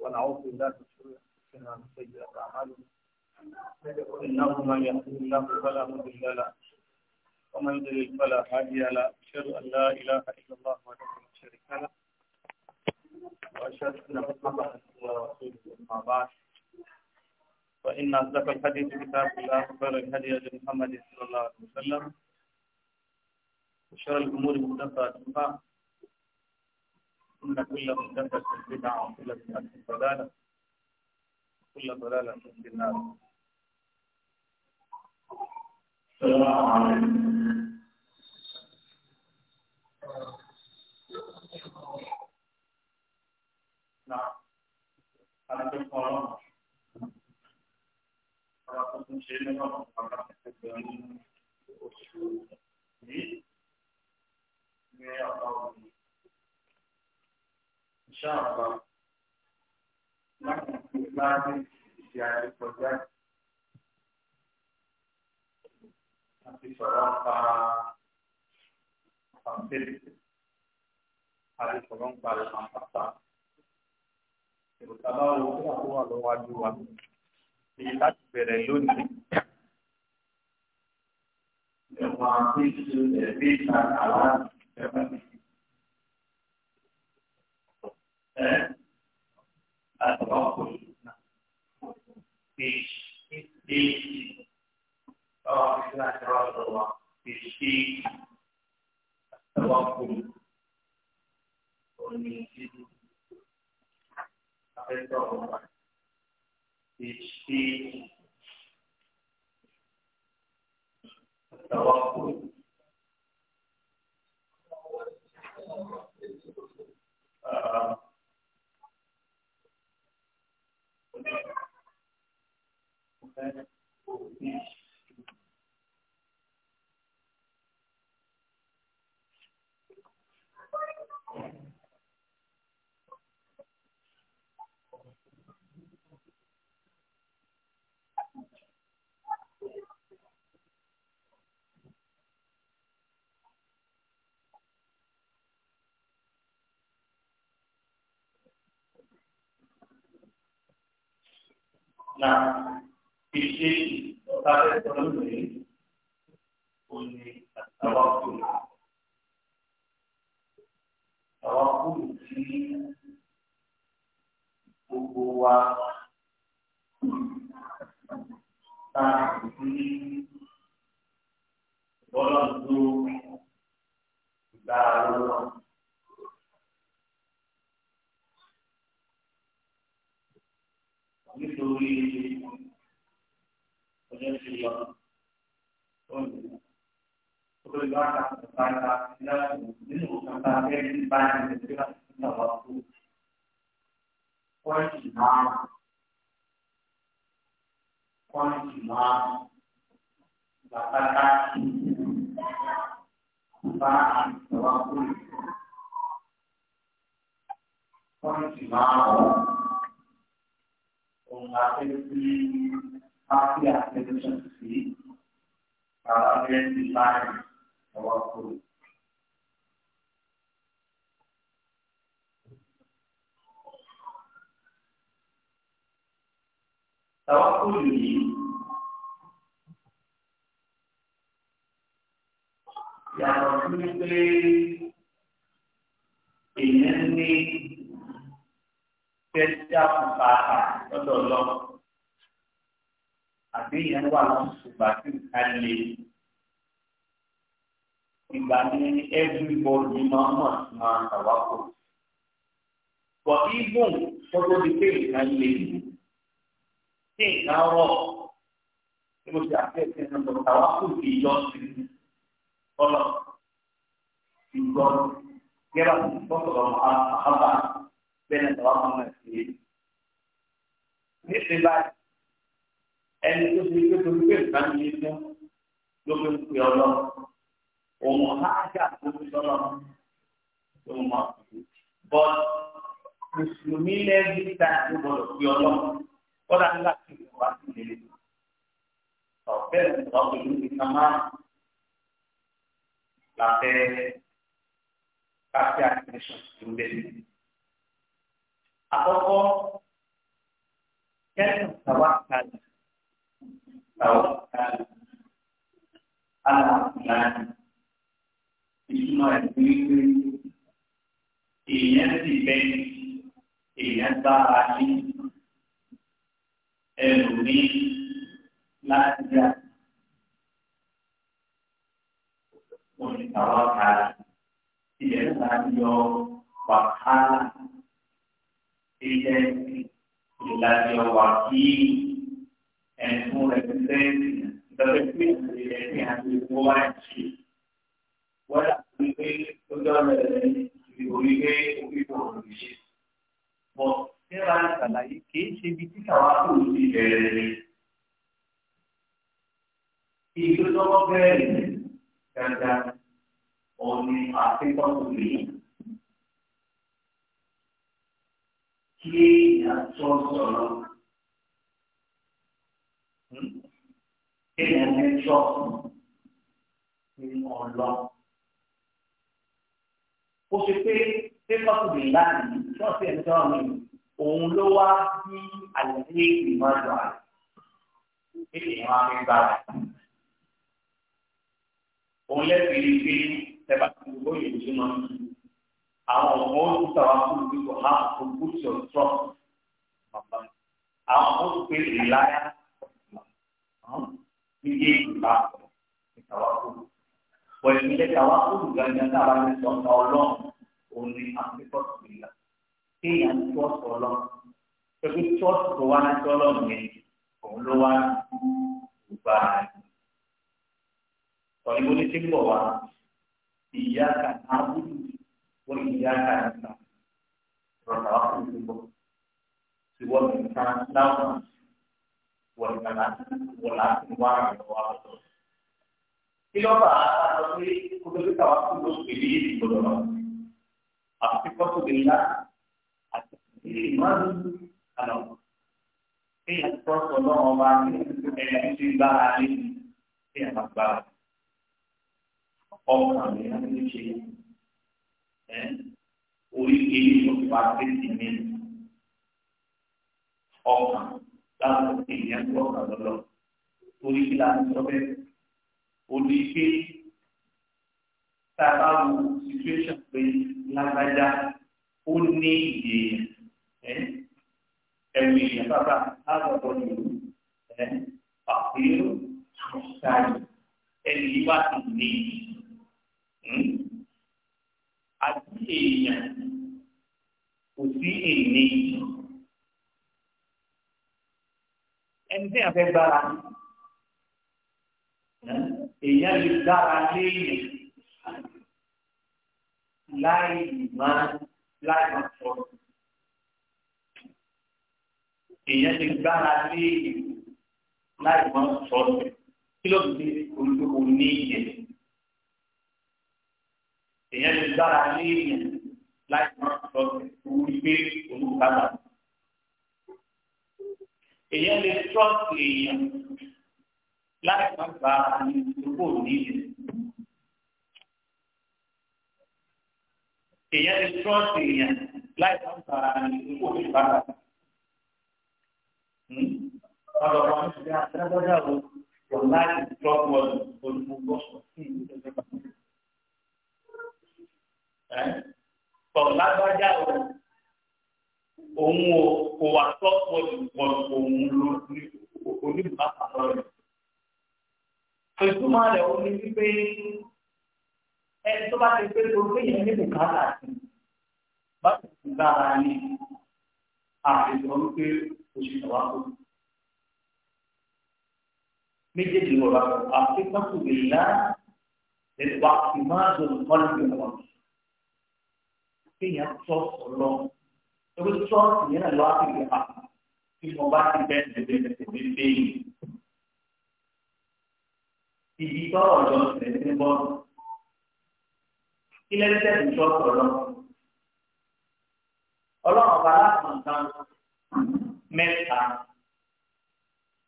ونعوذ بالله من شرور انفسنا ومن سيئات اعمالنا انه من يهده الله فلا مضل له ومن يضلل فلا هادي له اشهد ان لا اله الا الله وحده لا شريك له واشهد ان محمدا ورسوله اما بعد فان اصدق الحديث كتاب الله وخير الهدي هدي محمد صلى الله عليه وسلم وشر الامور محدثاتها إن كل في بدعة وكل بدعة الضلالة وكل ضلالة في النار السلام عليكم نعم شاء الله نحن في بلاد يعني كوزات في صراحة تفصيل هذه صراحة على المنطقة ìrùtàbá wo kí àkókò àlọ́wájú wa èyí láti Uh, Thank you. na ìṣe ìtọ́sáfẹ́ sọ́dún rẹ̀ ó ní àtàwọn kúrò. Àwọn kúrò tí gbogbo wa ta ní bọ́lá tó gbà lọ́wọ́. nítorí ọjọ́ ti yọ olùdókòwò ìlú àkàtúntò bàtà nínú òkàtà abẹ́rẹ́ ní báyìí ní ìgbéra ní ọ̀rọ̀ tó pọ́ǹtì máa pọ́ǹtì máa bàtàkà bá àtọ̀wá kúrò pọ́ǹtì máa wọ̀ òun àfẹ́lẹ́ sí pápí àfẹ́lẹ́sọ̀n sí àfẹ́lẹ́sì láàrin ọwọ́ kúrò. Tàwọn kúrò yìí pé èèyàn ní fẹ́ẹ́ dákun bàbà lọ́dọ̀ lọ. àgbéyẹn wà lọ ṣùgbà tí nǹkan le. ìgbà ni everybody máa mọ̀ sí máa tàwa kù. bọ̀ ibùn tọ́jú di pé nǹkan le. tí nǹkan rọ̀ tí mo ṣe àfẹ́sẹ̀ náà lọ tàwa kù kì í yọ sí i. ọlọ ìgbọ́ gẹ́gẹ́ bá ti àbá bẹ́ẹ̀ ni wọ́n máa ṣe é. Níṣẹ́ báyìí, ẹni tó ṣe pé torí pé ìgbà mi yé fún ló fi ń pè ọ lọ. Òun á jà tó fi sọ́nà tó mọ̀. Bọ́t Mùsùlùmí lẹ́bí ta ló gbọdọ̀ pè ọ lọ. Kọ́dà nígbà tí ìwọ bá ti lè Ọ̀bẹ́ ìwọ pẹ̀lú ìka máa làbẹ́ káfíà kìrìsìtì ń bẹ̀rẹ̀ àkọ́kọ́ kẹ́sìn tàwákàlì tàwákàlì alàkùnrin ìtumọ̀ ẹ̀sìn wípé èèyàn sì bẹ́ẹ̀ èèyàn bá a ní ẹrù ní láti yá òní tàwákàlì ìyẹn náà yọ wàhálà agency ìlànà wà kí ẹ̀fún rẹ̀ sẹ́yìn ìtọ́jú pé àlejò ní àlejò wá ṣe. wọ́n yà wí pé ó dọ́rọ̀ ẹ̀ ní orí pé orí kò rí ṣe. bọ̀ síra ìsàlàyé kìí ṣe ibi tí káwá kò sí bẹ̀rẹ̀ ni. ìgbésọ́wọ́ bẹ́ẹ̀ ni dandan òun ni àfikún òun yìí. kí èèyàn tó sọ̀rọ̀ hmm? èèyàn lè sọ nínú ọlọ. Ó ṣe pé pépà tó lè láàyè tí wọ́n fi ẹ̀mí sọ̀rọ̀ mi òun ló wá sí àlàyé ìmọ̀ àjọ àrẹ. Èèyàn máa fi bára. Òun lẹ́sìn ilé ìgbé tẹ́bà tó gbóyè ìṣúná yìí àwọn ọmọ olùkọ́ àwọn olùkọ́ have to put your trust bàbá àwọn olùkọ́ ìláyà níbi ìgbà ìtàwákùlù pọ̀ ìpínlẹ̀ ìtàwákùlù gàdá táwa ní sọ̀tà ọlọ́run òun ní àfikọ́ ìgbìlá kéèyàn trust ọlọ́run pẹ̀lú trust tó wá ní ọlọ́run yẹn òun ló wá gbà á sọ̀rọ̀ ìbò ní tí ń bọ̀ wá ìyá kan á bùdù. وإياك نستعين وتوكل بالله سوى الإنسان لهما والكلام ولكن وراء الواقع Kilo pa atau si kudu kita waktu untuk pilih di bodoh. Asyik kau tu bila asyik iman kalau ini kau tolong orang ini dengan cinta ini ini apa? Orang ini ini cinta oríkèé ìṣọ̀fà tètè mi ọkàn láti èèyàn tó ọkàn lọ́lọ́ torí kí láti sọ bẹ́ẹ̀ olú ike tá a bá wo situation pé lágbájá ó ní ìdè ẹ̀wù èèyàn bàbá lágbàdo ìlú àpérò ṣáàyè ẹni wá sí ní àti èèyàn kò sí èlé ẹni tí a fẹ́ gbára èèyàn lè gbára léèyàn láì máa láì máa sọ̀rọ̀ èèyàn lè gbára léèyàn láì máa sọ̀rọ̀ kí ló dé olùdókòwò ní ìyẹn èèyàn lè gbára lé èèyàn láì máa sọ orí pé olùkàgbà. èèyàn lè trọ́ọ̀tì èèyàn láì máa gba ìdókòwò nílẹ̀. èèyàn lè trọ́ọ̀tì èèyàn láì máa gba ìdókòwò nílẹ̀. Ọ̀dọ̀ kan ti di aṣáájú ọ̀dọ̀ ọ̀la ìtọ́jú ọ̀dọ̀ olùkọ́ sí ìlú ẹgbẹ́ pàtàkì tọ̀ lágbájá o òun o kò wá tọ́ pọ̀jù pọ̀jù òun ló ní oníbùbáfà lọ́rẹ̀. ìtumọ̀ rẹ̀ o ní wípé ẹni tó bá ti pé tó gbé yẹn ní bùkátà sí bá ti sùn dára ní àìsàn wípé oṣù tàwa kò ní méjèèjì ló rà àti pàtó lè lá lè wà ìmáàdùn kọ́lù ìwọ̀n kéèyàn tọ́ ọ̀lọ́ torí tọ́ ìyẹn náà lọ́wọ́ àti ìyá tí mo bá ti bẹ́ẹ̀ tẹ̀lé tẹ̀lé bẹ́ẹ̀ ibi tọ́rọ̀ ọ̀dọ́ tẹ̀lé ní bọ́ọ̀lù kí lẹ́yìn tẹ̀lé tọ́ ọ̀lọ́ ọlọ́run ọba aláàfọ̀ǹkan mẹ́ta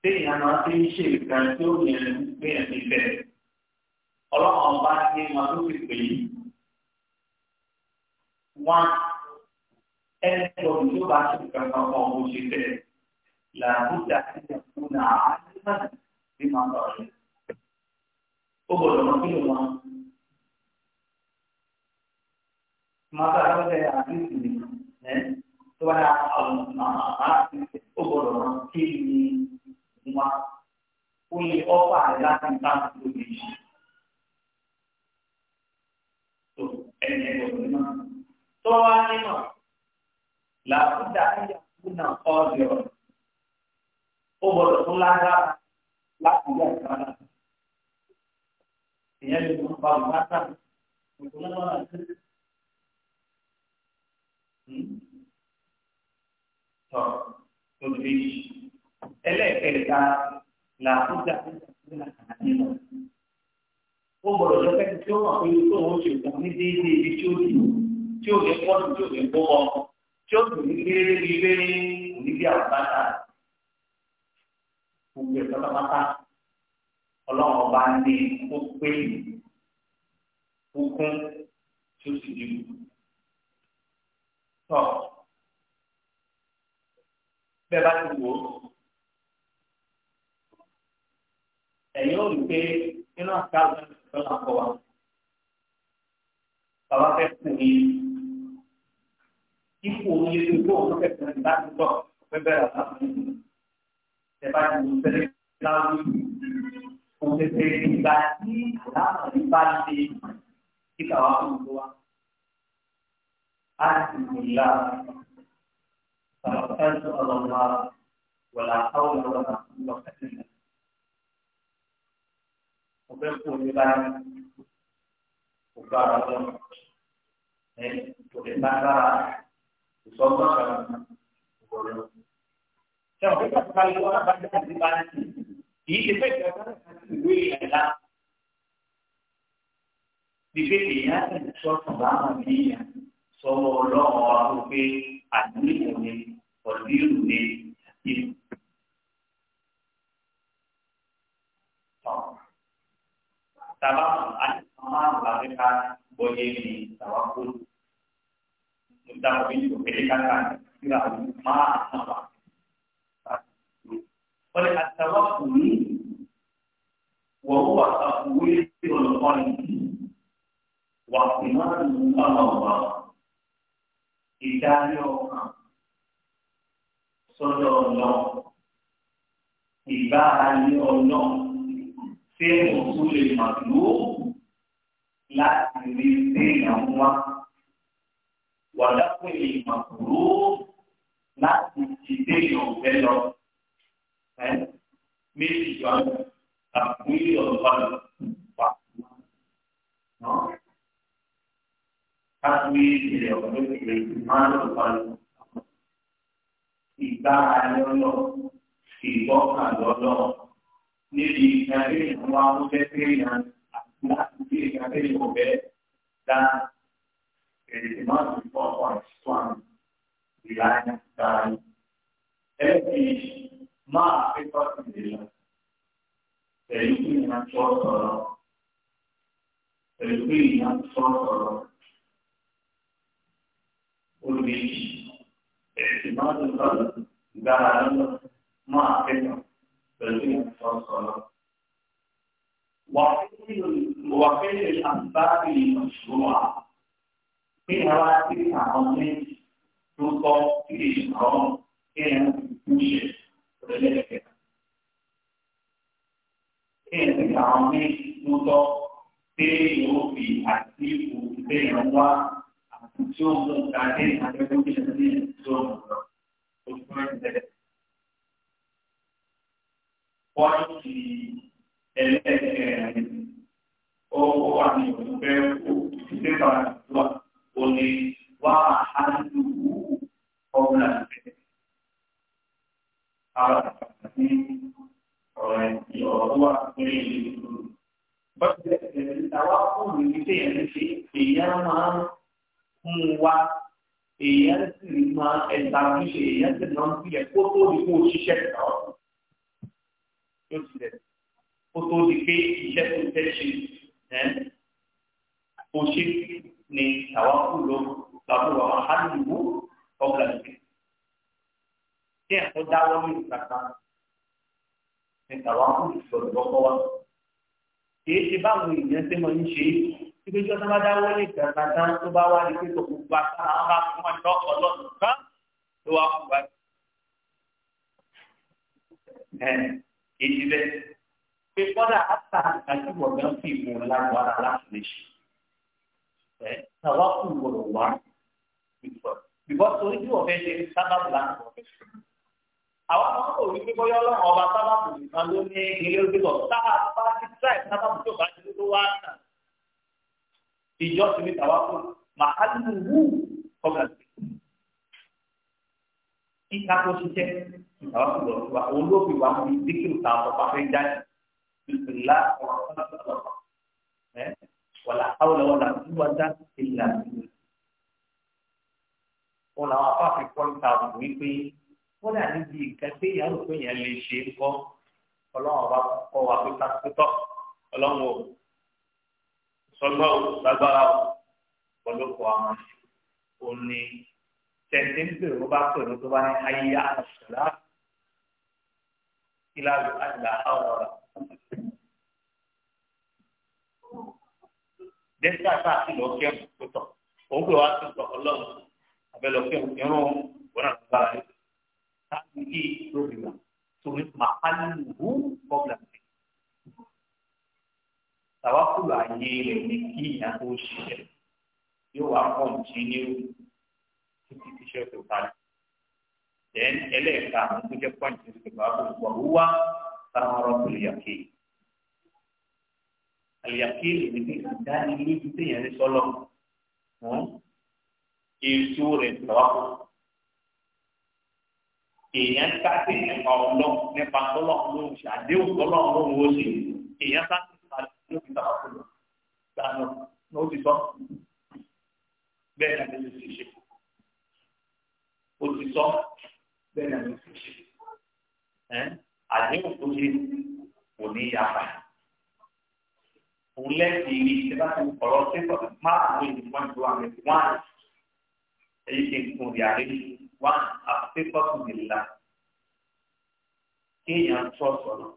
téèyàn máa fi ń ṣe ìkan tí ó yẹn gbé ẹ̀mí bẹ́ẹ̀ ọlọ́run ọba ní wọn tó fi pè é one ẹni tó ní yóò bá ṣe nǹkan kan kan bó ṣe tẹ̀ làbújá sí ẹ̀kú náà àdúrà bí máa bọ̀ rẹ̀. ó gbọ́dọ̀ mọ kí ló mọ. màtá lọ́sẹ̀ àdúrà ni ẹ̀ tó bá yà àwọn màmá ó gbọ́dọ̀ mọ kí ni wọn ó lè ọ́fà láti bá lóde yìí. ẹni ẹ̀ gbọ́dọ̀ mọ tọ́wá nímọ̀ làbúdà ayé àbúnà ọ̀dọ̀ ó gbọdọ̀ tó lágbára láti yá ìgbàlá. Ìyẹn lè mú bàbá bàtà òkúná náà sí. Hmm? Tọ́ tóbi méjì. Ẹlẹ́ẹ̀kẹta ayé àbúnà àdínà. Ó gbọdọ̀ lọ́kẹ́ tí ó hàn pé tó ń ṣe ìtàn ní déédéé ibi tí ó dì í tí ò ní pọ́nù tí ò ní kó wọn tí ó sì ní léèrè léèrè onílé àbáta gbogbo ẹ̀ pátápátá ọlọ́run ọba ní kó pé kúkún tí ó sì dìbò. tọ́ bẹ́ẹ̀ bá ti wò ó ẹ̀yin ò rí pé nínú àkáàbù tó ń kọ́ wa bàbá fẹ́ kú ní. ipò oye tó tó òun kẹsàn án láti tọ ọpẹ bẹ̀rẹ̀ àtàkùn ẹ bá ti mú ṣẹlẹ̀ láwùjọ kò tètè ìgbà tí àlàáfà yìí bá ṣe kíkà wá fún ìlú wa. a sì mú ìlà sàlọ̀tẹ́sì ọlọ́mọ wọ̀là àwọn ọlọ́mọ lọ́kẹ́tì náà. ọpẹ kò ní báyìí kò gbára lọ ẹ kò lè bá dára. ìsọgbọn kan ọ̀rọ̀. ṣé ọ̀rẹ́ kan bá lọ abájá àti báńkì kì í ṣe pé ìjọba àti ìwé ìyàlá gbígbé èèyàn àti ìṣọ́tún bá wọn ní ìyà sọ ọlọ́run ọ̀rọ̀ pé àdúgbò ni ọ̀dírù ni àti. Tàbá àti àwọn àgbàgbé ká ní tàwa sudah memiliki tidak masalah. Oleh at-tawakkul wa huwa taqwilul qalbi wa imanul Allah idario sọ́dọ̀ ọ̀nà ìgbà ayé ọ̀nà tí mo tún lè mà lò láti rí wàdàpọ̀ ìmọ̀ kúrò láti ti déyìn ọ̀fẹ́ lọ. méjì jọ àbúrò ìyọ̀nba lọ wà wá. káfíń ìrẹ̀ ọ̀dọ́ ìrẹ̀ máa ń lọ wá lọ. ìgbà ayọ̀ lọ ìgbọ́kàn lọ́lọ́ níbi ìgbà tí ìwọ̀n wa àti láti fi ìgbà tí dáa and the demand is 4.1 billion dollars. That is not a consideration. The Ukraine and Georgia, the Ukraine and Georgia will be the demand is not that not a the Ukraine and Georgia. وقيل الأنبار المشروعة kí ni wá sí àwọn méjì tó tọ́ kí lè àwọn kí ni kú ṣe lọ́lẹ́lẹ́kẹ̀ẹ́. Kí ni sí àwọn méjì tó tọ́ pé yóò fi àti ipò ìbéèrè wá àti tí ó mú ìdájẹ́ ìdájọ́ tó ṣe ní ìṣòro lọ. Oṣù Mẹ́tẹ̀ẹ́. Pọ́ìntì ẹlẹ́ẹ̀kẹ́rin ó wà ní òṣù fẹ́ kó ìdílé kan lọ́wọ́ òní wà á lùwù ọ̀gbìn àgbẹ̀. Àwọn àgbà ní ọ̀rọ̀ ẹ̀sìn ọ̀rọ̀ tó wà lórí ìlú. Bọ́sẹ̀ ẹ̀sìn dia fún mi dia, pé ẹ̀sìn ṣe dia máa ń mú di kó ṣiṣẹ́ náà. Yóò ti dẹ̀ di pé iṣẹ́ tó fẹ́ ṣe ẹ̀ kó ni tawakulu lalu wa mahalluhu qabla dzikr. Dia sudah wali kata ni tawakulu sudah bawa. Dia tiba ni dia semua ni sih. Ibi jọ sábà dáwọ́ lè gbàgbà tán tó bá wá ní pé tó kú gba sára wọn bá fún wọn lọ ọlọ́run kan ló wá fún wa. Èyí bẹ́ẹ̀ pé kọ́dà áta àti wọ̀gán fìmù lágbára láti lè ṣe ẹ tàwa kù gbọ́dọ̀ wá bìbọn torí bí wọn fẹẹ ṣe sábàbù láti wọn fẹẹ ṣe àwọn àwọn kò rí pé bóyá ọlọ́run ọba sábàbù nìkan ló ní ilé ojú lọ sáà bá ti tíráì sábàbù tó bá ti tó wá nà ìjọ ti ní tàwa kù màálù wù kọgà sí kíkà tó ṣiṣẹ́ tàwa kù lọ sí wa olóògbé wa ní díkìlù tàwọn ọba fẹẹ jáde bìbìlá ọba sábàbù lọ wàlà àwòlà wàlà ìwádà ìlà ìlà. wọn làwọn afáàfin pọ́ńtà wípé wọn dà níbi nǹkan pé ìyá rò pé yẹn lè ṣe é kọ́ ọlọ́run bá kọ́ wa pé pásítọ̀ ọlọ́run ò sọgbọ́n ò lágbára ò gbọ́dọ̀ kọ́ àwọn ṣe ò ní tẹ̀sí ń bèrè bá pè ní tó bá ní ayé àṣàlá kí lágbo àgbà àwọn ọ̀rọ̀. dẹ́sítà tá a ti lọ kẹ́hùn tó tọ̀ òun pè wá sí ìgbà ọlọ́run abẹ́lọ kẹ́hùn irun wọn àti bàbá rẹ̀ táàbù kí lóbi wà torí màá ní ìlú kọ́bìlà rẹ̀. tàwákùlù ààyè rẹ̀ ní kí ìyá tó ṣiṣẹ́ yóò wá pọ̀ jí ní títí tíṣẹ́ tó parí. ẹlẹ́ẹ̀ka àwọn tó jẹ́ pọ́ǹtì tó ti bàbá kò wá sáwọn ọ̀rọ̀ tó lè yà kéèyàn àlùyàkéèlì ini dan ini téèyàn yang disolong, isu rẹ̀ lọ́wọ́ èèyàn sáté nípa ọlọ́run nípa tọ́lọ́run ló si ṣe àdéhùn tọ́lọ́run ló ń wó ṣe kita sáté nípa Dan, fi tàbá kúlò gbàgbọ́ ló ti sọ bẹ́ẹ̀ ni ló ti ṣe ó ti sọ bẹ́ẹ̀ ni òun lẹ́sìn rí ìjọba tó ọ̀rọ̀ sẹ́kọ̀ọ́ márùn-ún ìlú wọn ju àwọn ẹ̀sìn wọn èyí kì í kun rí àárẹ̀ wọn àfikọ́ tó lè la kéèyàn tó sọ̀rọ̀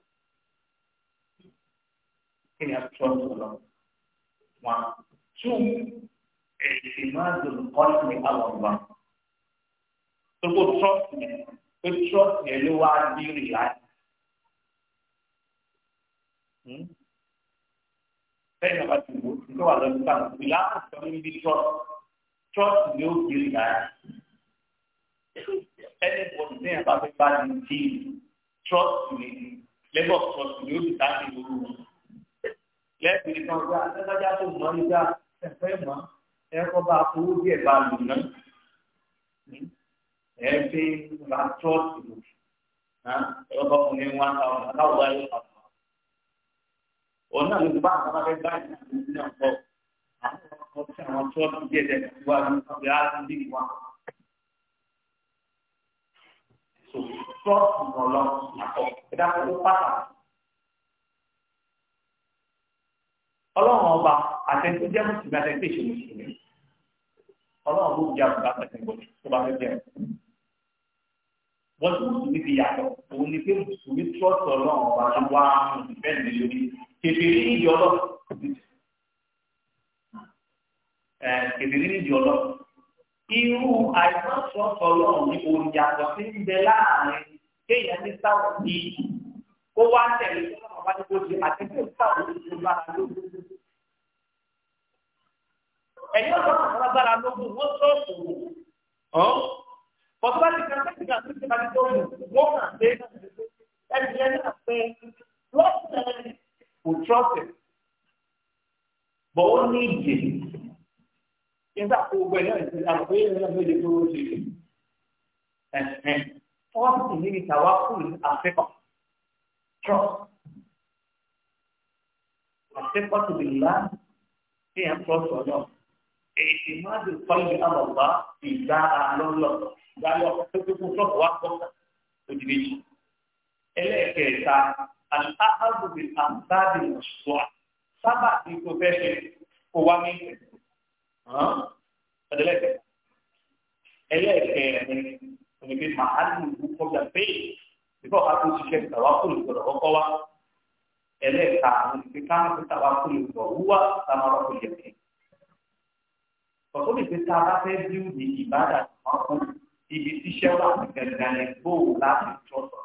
kéèyàn tó sọ̀rọ̀ wọn tú ẹ̀sìn máa dùn kọ́lù ní àwọn ọba tó kó trọ́ọ̀tì yẹn pé trọ́ọ̀tì yẹn ló wá bí rí láì sẹ́yìn náà bá ti wò ó wà lọ́dún táwọn ìlà àtọ́ níbi trust trust ni ó gbé ìlà ẹni bọ̀dù sẹ́yìn bá fẹ́ bá ní tí trust ni labour trust ni ó ti dá sí ìlú wọn. lẹ́ẹ̀kì ní kan gbá ẹgbẹ́jà tó mọ nígbà ẹ̀fẹ́ mọ́ ẹ̀kọ́ bá owó díẹ̀ bá lò ná ẹ̀ fi ra trust lò ẹ̀kọ́ fún ní aláwọ̀ òun náà ló ti bá àwọn bá fẹ́ báyìí náà ló ti náà kọ́ àwọn ọkọ̀ tí àwọn tó ọdún díẹ̀ díẹ̀ ti wá ní ọ̀gbẹ́ àti ní ìwà. so trust ìrànlọ́ àkọ́ ẹ̀dá kó pàtàkì. ọlọ́run ọba àtẹ̀tẹ̀ jẹ́ mùsùlùmí àtẹ̀tẹ̀ ìṣèlú mùsùlùmí ọlọ́run ló jẹ́ àbúrò àtẹ̀tẹ̀ ìgbọ̀dọ̀ tó bá fẹ́ jẹ́ wọ́n tún mùsùlùmí ti yàtọ̀ òun ni pé mùsùlùmí trust ọlọ́run ọba ló wá mùsùlùmí bẹ́ẹ̀ Kebiri nídìí ọlọ ẹ kèbèrè nídìí ọlọ irú àìsànsọ ọlọ ní òǹyàtọ̀ sí ń bẹ láàrin kéèyàn ní sáwọn ní kó wá tẹ̀lé kó náà wá ní kó ṣe àti kó sáwọn ní kó bá a lóko ẹ̀yọ́ sọ àgbàlagbàra lógún wọ́n sọ òkòwò ọ́n bọ́tọ́lá ti kan sẹ́yìn kan sẹ́yìn kan tó ń wọ́n kàn dé ẹ̀yìn ẹ̀yìn àpẹ lọ́sẹ̀ kò trọ́sẹ̀ bọ̀ ó ní ìdè nígbà tó gbẹ náà ti àgbẹ̀ yẹn náà méje tó ṣe fọ́ọ̀sì níbi tàwa kùn àfẹ́kọ̀ trọ́s àfẹ́kọ̀ tó lè lá ní ẹ̀ trọ́s ọ̀nà èyí máa dùn fọ́ọ̀lì àlọ́gbà ìgbà àlọ́lọ́ ìgbà yọ tó tó kún trọ́s wá kọ́ òdìbejì ẹlẹ́ẹ̀kẹta àtàkàbù bí àbáàdì mọ̀ṣúwà sábà ní kò fẹ́ ṣe kó wá ní ẹ̀dẹ́lẹ́kẹ̀ ẹlẹ́kẹ̀ onígbé màálù kọjá péye bíbọ̀ ká tó ṣiṣẹ́ ìtàwá kò lè gbọdọ̀ kọ́kọ́ wá ẹlẹ́ka onígbé káwọn tó tàwá kò lè gbọ̀ wúwá táwọn ọkọ̀ yẹ kẹ́ ọ̀tọ́ lè fi ta bá fẹ́ bí ìbádà àwọn ibi tíṣẹ́ wà ní gàdàlẹ̀ láti tọ́sọ̀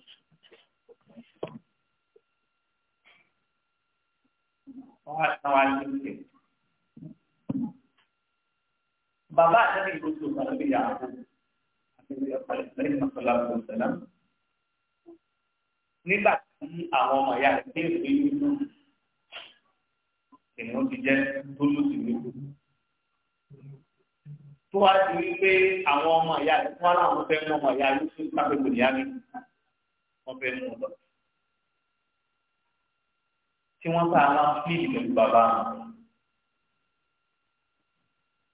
wọ́n á tán wá ní ìṣẹ̀. Bàbá àtẹ́lẹ̀ ìlú tó bá lórí ààbò àti ìlú ọ̀pá ìṣẹ̀lẹ̀ ìmọ̀sọ́lá tó ṣẹlẹ̀. Nígbà tí àwọn ọmọ ìyá rẹ̀ dé ìwé nínú ènìyàn ti jẹ́ tó lóṣù lóṣù. Tó wá ti rí pé àwọn ọmọ ìyá rẹ̀ fún aláwọn fẹ́ mú ọmọ ìyá Yusuf lábẹ́ kò ní á Wọ́n fẹ́ mú ọ lọ tí wọ́n bá máa ń pílì pẹ̀lú bàbá wọn.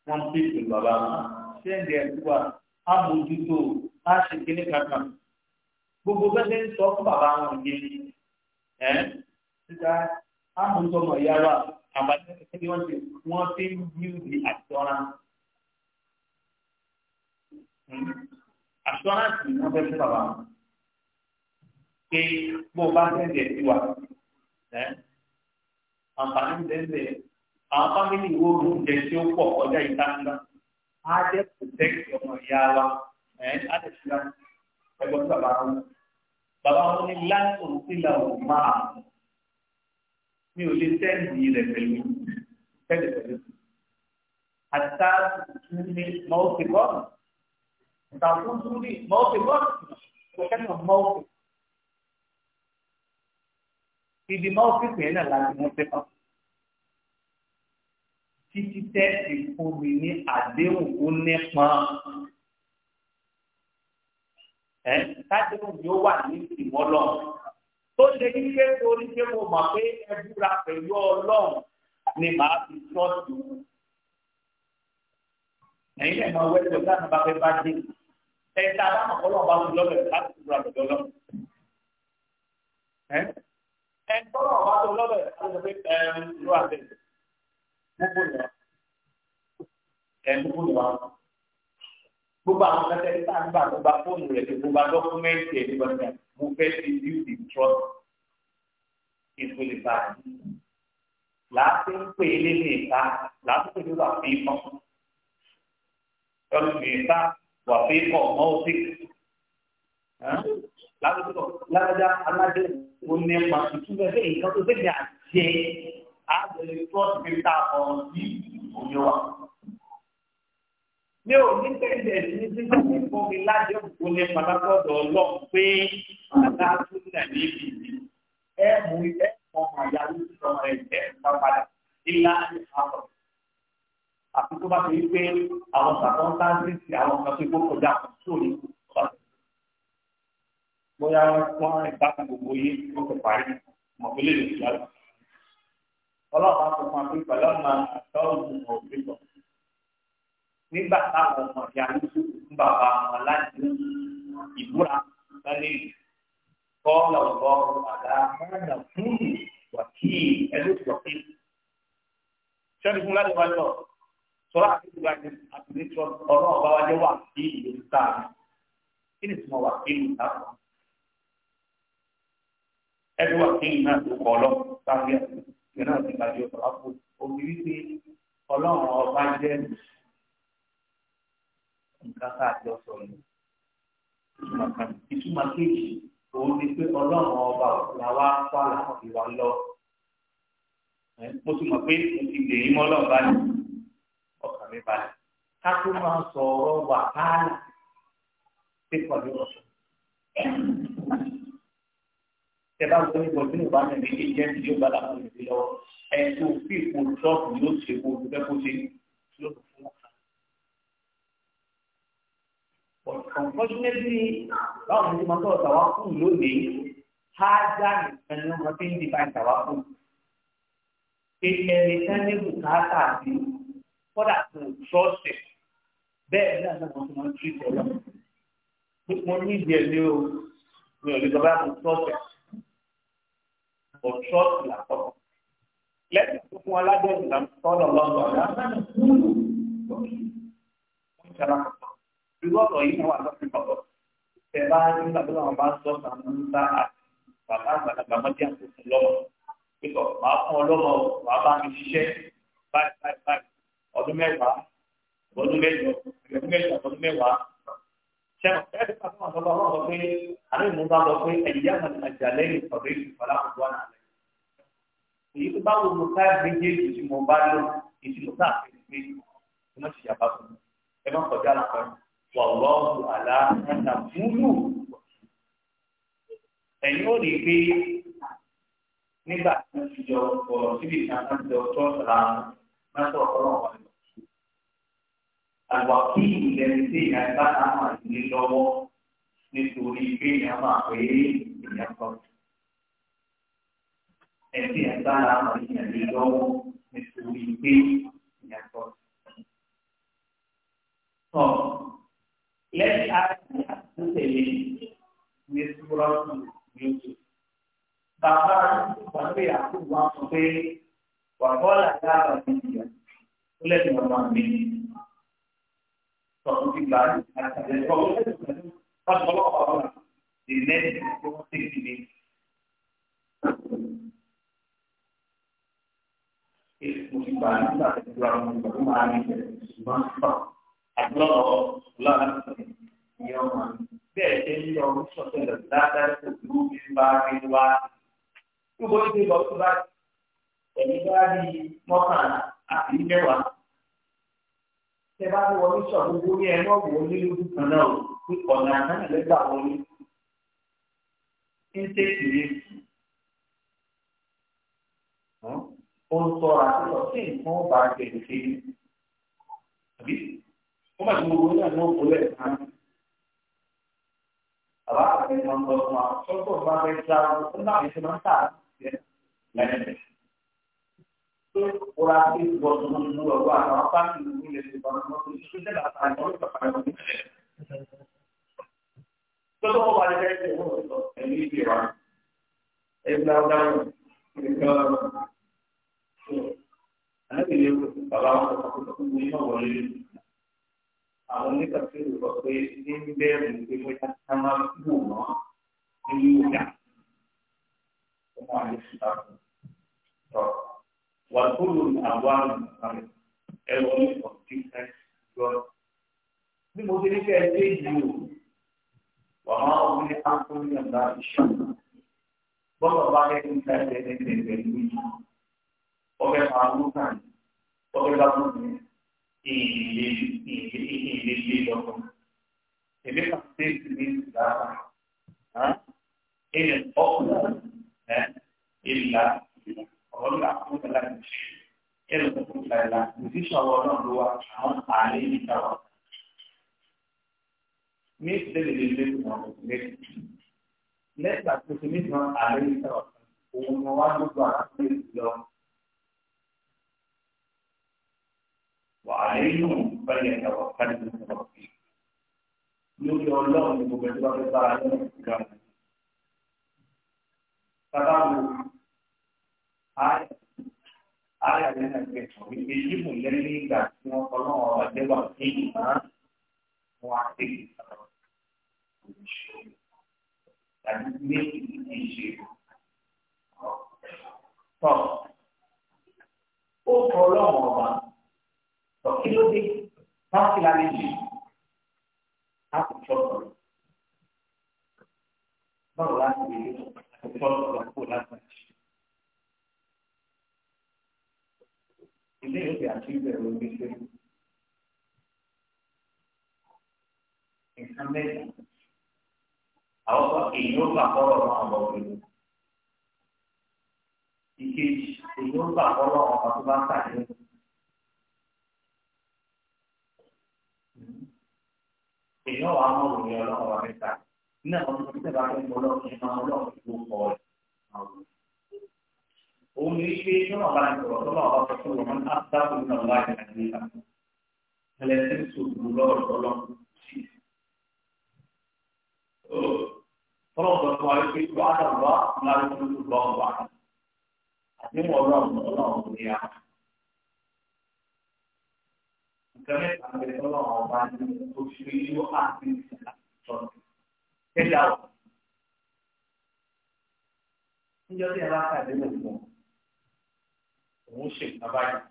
Wọ́n ń pílì pẹ̀lú bàbá wọn. Ṣé ǹjẹ́ ẹ̀kú wa á mójútó á ṣe kíní kankan? Gbogbo bẹ́ẹ̀ ṣe ń sọ fún bàbá wọn yé. Ẹ́ títa á mójútó ọmọ ìyá wa àbájá kẹ́kẹ́ ni wọ́n ti wọ́n ti ń bíúdì àtọ́ra. Àtọ́ra sì wọ́n fẹ́ fún bàbá wọn. Pé bó o bá fẹ́ ǹjẹ́ sí wa àǹfààní bẹ́ẹ̀ àwọn fámìlì wo oúnjẹ tí ó pọ̀ ọjà ìtàkùnà á jẹ́ protect ọmọ ìyá wa ẹ̀ á lè fi ra ẹgbẹ́ bàbá wọn bàbá wọn ní láìsùn sílẹ̀ ò máa mi ò lè sẹ́ǹdì rẹ̀ pẹ̀lú pẹ̀lú pẹ̀lú àtà ní mọ́ọ̀tì bọ́ọ̀lù tàbí mọ́ọ̀tì bọ́ọ̀lù kò kẹ́kọ̀ọ́ mọ́ọ̀tì ibi máa ọ́fíìsì yẹn náà láti wọ́n tẹ́kọ̀ọ́. títí tẹ́ ìfúnni ní àdéhùn ó nípọn. ẹ sádéhùn yóò wà ní ìmọ̀lọ́ tó ṣe kí pé torí pé mo mọ̀ pé ẹ búra pẹ̀lú ọlọ́run ni màá fi tọ́jú. ẹ̀yin náà máa wẹ́tọ̀ sáà bá fẹ́ bá dé ẹ̀ka àbámọ̀ ọlọ́run bá wù lọ́bẹ̀ láti búra pẹ̀lú ọlọ́run ẹgbọ́n ọba tó lọ́lọ́ ẹ̀ ló pé ẹ̀ẹ́m ló wà bẹ́ẹ̀ gbogbo ìwà ẹ̀ẹ́m gbogbo ìwà gbogbo àwọn kẹtẹ́rì tá à ń gbà tó bá fóònù rẹ̀ tó gbogbo dọ́kúmẹ́ǹtì ẹ̀ nígbà tí mo fẹ́ ti build the trust ìpele báyìí ìta wà fi mọ́ ẹlòmíràn lásìkò lágbájá aládé oní ẹ̀pà ìtumọ̀ ẹgbẹ́ nǹkan tó fẹ́ẹ́ àjẹ àgbẹ̀lẹ̀ trust mẹ́ta ọ̀hún sí òye wa. mi ò ní tẹ̀lé ní sísè fún mi lájẹ oní ẹ̀pà lágbọ́dọ̀ ọlọ́run pé aláàtún náà ní ibi ẹ̀ mú ẹ̀ ọmọ àyàwó ìjọba ẹ̀ ẹ̀ bá padà ilá ní àpọ̀ àfi tó bá fi wípé àwọn sàkọ́ńtáńtì àwọn kan tó kọjá kò sóòrè kù bóyá wọ́n ìtàkùn gbogbo yé wọ́n ti parí mọ̀fílẹ̀ lè fi láti. ọlọ́run á sọ fún akpé pẹ̀lú ọmọ àtọ́wọ̀n òfin bọ̀. nígbà táwọn ọmọ ìyá ló tó ń bàbá wọn láti ìbúra lálẹ́ yìí kọ́ọ̀lọ̀ ọ̀gọ́ àgbà mọ́nà fún wàkí ẹlòpọ̀kí. sẹ́ni fún láti wájú ọ̀ sọ́ra àti ìgbà àti ìtọ́ ọlọ́run bá wájú wà kí ìlú ta kí ni tí wà kí ìlú ta ẹbí wà sí iná tó kọ lọ sáfì àti náà ti gbàdúrà ọ̀sán àpò omi wípé ọlọ́run ọba jẹ́ nǹkan tá a jọ sọ yìí ìtumọ̀ kan ìtumọ̀ kejì òun ni pé ọlọ́run ọba la wá fà láwọn ìwà lọ mo ti mọ̀ pé mo ti lè yín mọ́lọ́ báyìí ọkàn mi balẹ̀ ká tó máa sọ ọ̀rọ̀ wàhálà pé pàdé ọ̀sán tẹ́lá tó ní bọ̀dún ìbá mi méjì jẹ́ ti yóò bá dàgbà mi lọ́wọ́ ẹ tó fi ipò trọ́ọ̀kì yóò ṣe kó o fẹ́ kó ṣe yóò tó unfortunately báwo ni wọ́n sọ̀rọ̀ tàwa kù lónìí á dá nìkan ní wọ́n fi ń dìbà tàwa kù. pé ẹni sẹ́ni bùkátà sí kọ́dà kò trọ́ọ̀sì bẹ́ẹ̀ ní àná wọn tó máa ń tì tẹ̀lé. mo ní ìdí ẹ̀ ní o mi ò lè sọ kò trọ́ọ̀sì ọ̀ṣọ́ọ̀tì làkọ́kọ́. lẹ́yìn tó fún aládẹ́nu là ń tọ́lọ̀ lọ́dọ̀ aláàbẹ̀rẹ̀ kúrò lórí ìṣẹ̀lá kọ̀ọ̀kan. irú ọ̀rọ̀ yìí wà lọ́sìn bọ̀bọ̀. tẹ bá ní tàbí àwọn bá ń sọ sàmú ń bá bàbá àgbàlagbà mọ́tí àkókò lọ́wọ́. pípọ̀ máa fún ọ lọ́wọ́ wàá bá mi ṣiṣẹ́ báyìí báyìí báyìí ọdún mẹ́wàá ọdún mẹ́jọ ọdún mẹ́jọ ọdún mẹ́wàá sẹ́wọ̀n ẹ̀rí pàṣẹ wọn lọ́wọ́ ọ̀rọ̀ pé àlẹ́ ìmú bá lọ pé ẹ̀yà wọn àjà lẹ́yìn ọ̀rẹ́ ìfọ̀lá ọ̀dọ́ àná lẹ́yìn. èyí tó bá wo mo ká méjèèjì tí mo bá lò èyí mo ká àfẹ́ pé ẹ má ṣìyà bá fún mi ẹ má kọjá lọ́kọ́ wà lọ́ọ̀bù àlá ẹ̀ta múlù. ò rí i nígbà tí wọ́n ti jọ ọ̀rọ̀ síbi ìtàn àgbàkí ìlẹ́ni tí ìyá ẹ̀ bá dáhùn àdílé lọ́wọ́ nítorí pé ìyá máa pé ìyá kan. Ẹ̀sìn ẹ̀ bá dáhùn àdílé lọ́wọ́ nítorí pé ìyá kan. Sọ lẹ́yìn àti àtúntẹ̀lé ní Súrọ́ọ̀tù Yusuf. Bàbá ìpàdé àkókò wa sọ pé wàhálà dáhùn àdílé lẹ́yìn ọ̀pá mi. something like the problem but all of the next thing to be is musibah kita dalam berumah ini semasa Allah Allah yang bete yang suatu data sebelum bahwa tu boleh dibawa ke Everybody, more than a female one. tẹ bá wọ ní sọ gbogbo ní ẹnu ọgbọ onílùú kan náà ní ọ̀nà àná lẹ́gbàá wọlé ń tẹ̀sí rẹ̀ ó ń sọ àtúntò sí nǹkan ọba àgbẹ̀dẹ̀ kiri àbí wọ́n bá ti gbogbo náà ní òkú lẹ̀ kan bàbá àgbẹ̀dẹ̀ náà fún wa sọ́kọ̀ bá fẹ́ gbà ó náà ní sọ́kọ̀ ń tà lẹ́yìn kurasi buat teman-teman dua gua atau apa gitu jadi teman-teman itu sudah nggak tanya lu kepada teman itu mau balik lagi itu ini dia eh belakang mereka ada video kalau aku aku punya boleh àwọn oníkàtí rò pé ní ń bẹ̀rù pé bóyá ká máa wù wọ́n nínú ìyá. Ó máa lè fi àpò. وكل أبواب مستمر every of different God bí mo ti ní kẹ́ ẹ dé yìí o wàhálà òun ní ánkúrú yàrá iṣẹ́ bọ́lá bá yẹ kí n ta ẹsẹ̀ ní ẹsẹ̀ pẹ̀lú yìí ọbẹ̀ máa ló kàn ọbẹ̀ bá tó ní ìlé ìlé ọlọ́run àkókò láti ṣe kẹ́lẹ́ tó kún láìla ìfíṣọ̀ ọwọ́ náà ló wà àwọn ààrẹ yìí ta wà. ní ìdílé lè lé ìmọ̀ lẹ́yìn lẹ́tà tó ti ní ìmọ̀ ààrẹ yìí ta wà òun ni wọ́n á gbogbo àkókò lọ. wàhálà inú ìfẹ́lẹ̀ ẹ̀wọ̀ káàdì ní ìmọ̀ sí lórí ọlọ́run ní gbogbo ẹgbẹ́ bá fẹ́ bára lọ́wọ́ ìgbà ayà ayà yẹn náà ti sọ wípé yíbù lẹ́yìn ìgbà tí wọ́n kọ́ lọ́wọ́ ọ̀dẹ́gbà sí ìgbà wọn á ti sọ̀rọ̀ òṣèlú tàbí méjì ìṣèlú. Tọ́ ó kọ́ lọ́wọ́ ọba tọ́ kí ló dé láti la lè jù láti tọ́tọ̀ báwo láti lè tọ́tọ̀ láti kó láti. ilé yóò fi àtúntò ẹ̀rọ gbèsè. Nǹkan mẹ́ta. Àwọn kan èyí ó gbà kọ́rọ̀ náà lọ sí i. Ìkejì èyí ó gbà kọ́rọ̀ ọ̀kan tó bá ń tàlẹ́. Èyí ó wà á mọ̀ òun yẹn ọlọ́run mẹ́ta. Nínú àwọn tó tẹ̀ bá fẹ́ mọ ọlọ́run yẹn máa ọlọ́run tó kọ ẹ̀ máa òun ní ṣe náà bá ní sọ̀rọ̀ tó náà bá sọ fún wọn áfíà tó náà wá ní nàìjíríà ẹlẹ́sìn sòrò lọ́rọ̀ lọ́lọ́ sí. tọ́lọ́dọ̀ tó wáyé pé tó àdàbà láti tó tó lọ́wọ́ wá àti wọn ọlọ́run ọlọ́run ní a. nǹkan mẹ́ta ń bẹ òun trabalho, nǹkan báyìí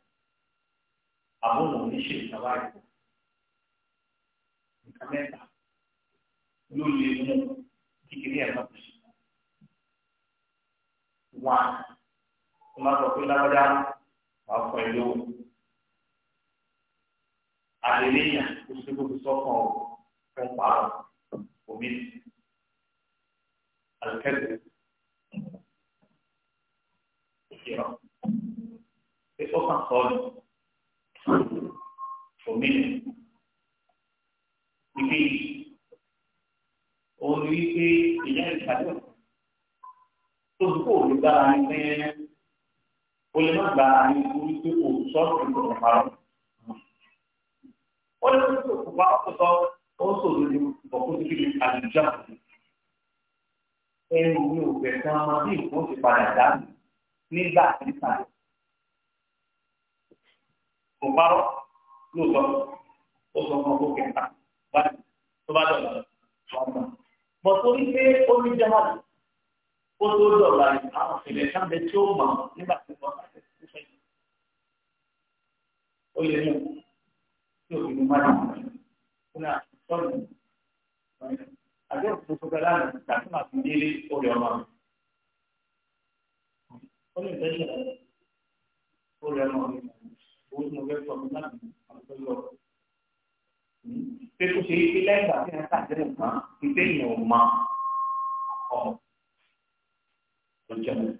àwọn òun ní ṣe nǹkan báyìí nǹkan mẹ́ta ló lè mú kékeré ẹ̀ náà ṣe. wá wọ́n máa sọ pé lágbájá wàá fọ ẹ̀ lówó àlèléyìn kó ṣe kó ó kàn sọnù omi ibi òun ni wípé ìyá ìpàdé tó kó olùdára ní pé o lè má gba àyè orí pé o sọ́ọ̀tù ìgbọ̀n parọ́ ó lè tó kó bá ọ̀pọ̀tọ́ ó sọ̀rọ̀ ní ọ̀pọ̀ tó kéde àlùjá ẹnu mi ò fẹ́ kí wọ́n máa bí nǹkan padà dá nígbà tí kàlẹ́ kò parọ́ lóòótọ́ ó sọ fún ọkọ kẹta báyìí tó bá dọ̀la ọmọ mọ̀ torí pé ó ní jáde ó tó dọ̀la àwọn ìṣẹ̀lẹ̀ sábẹ́ tí ó mọ̀ nígbà tó kọ́ àti ìṣẹ̀lẹ̀ ó lè mú tí òbí ní má dàgbà ó ní àtúntọ́nù àti òkùnkùn kẹlẹ́ àná tàbí màá fi délé orí ọmọ mi. ó lè tẹ́lẹ̀ orí ọmọ mi owó tí mo fẹ́ sọ fún náà àwọn tó lọ. ṣé kò ṣe é pé lẹ́yìn àti ẹ̀ka àtẹ̀lẹ̀ kan ti tẹ̀yìn ò mọ ọmọ tó jẹ́ mọ́.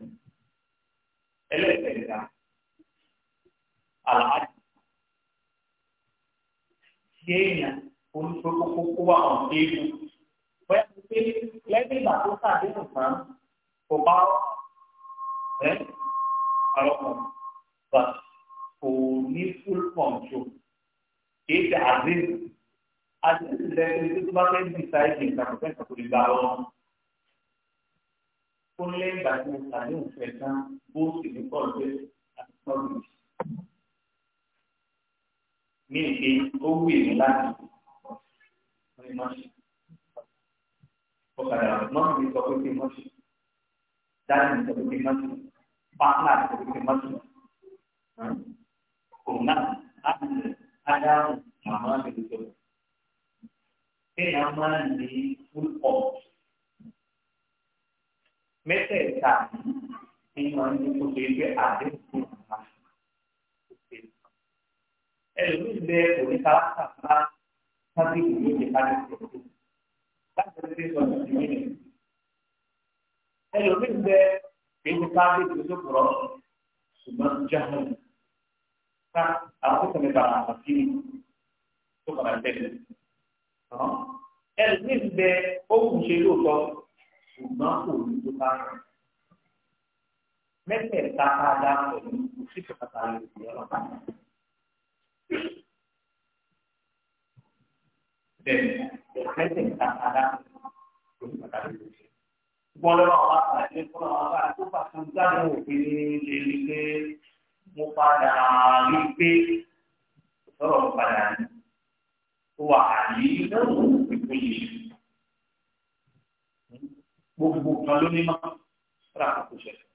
ẹlẹ́sẹ̀dá àlàájì ṣé èèyàn olùkókókó wà ọ̀hún éwu bóyá mo pé lẹ́yìn ìgbà tó ṣàdéhùn kan kò bá ọ̀rọ̀ ọ̀rọ̀ kan bàtà kò ní full control kìí ṣe àdéhùn àdéhùn lẹ́yìn tó tó bá fẹ́ bí sáyẹ́dì ìtàkùnfẹ́ kò lè gbà ọ́ ó ń lẹ́yìn ìgbà tí mo ṣàdéhùn fẹ́ tán bó sì ní kọ́ ọ̀gbẹ́ àti kọ́ọ̀gbẹ́ ní èké ó wù èmi láti wọ́n ní mọ́ṣí ọ̀kadà mọ́ṣí mi sọ pé kí mọ́ṣí dáàbì mi sọ pé kí mọ́ṣí pátánà mi sọ pé kí mọ́ṣí kurma ada mama begitu. Kenapa di full off? Mẹ́tẹ̀ẹ̀ta ni wọ́n ti kó ṣe pé àdéhùn kò máa ṣe. Ẹlòmíì bẹ oníkàlàkà bá sábì ìlú ìjẹ̀kárí ìṣòro. Láti ṣe sọ ní ìlú ìlú. Ẹlòmíì bẹ èyí sábì ìlú ìṣòro ṣùgbọ́n jáhùn sa àkókò mi bàrà àwọn sí mi tó kàn án tẹ́lẹ̀. ẹlòmí ń bẹ ohun ṣe lóòótọ́ ṣùgbọ́n kò ní tó bá rẹ̀. mẹ́tẹ̀ẹ̀ta ká dá pẹ̀lú òsì pàtàkì àyè òsì ọlọ́pàá. bẹ́ẹ̀ mẹ́tẹ̀ẹ̀ta ká dá òsì pàtàkì àyè òsì. gbọ́dọ̀ náà wà pàdé fún àwọn àbá tó bá fún dáhùn òfin lè lè lè mo padà rí pé sọ̀rọ̀ mo padà rí wà àyè lọ́wọ́ ìpò yìí gbogbo kan ló ní mọ́ fúnra kò ṣẹlẹ̀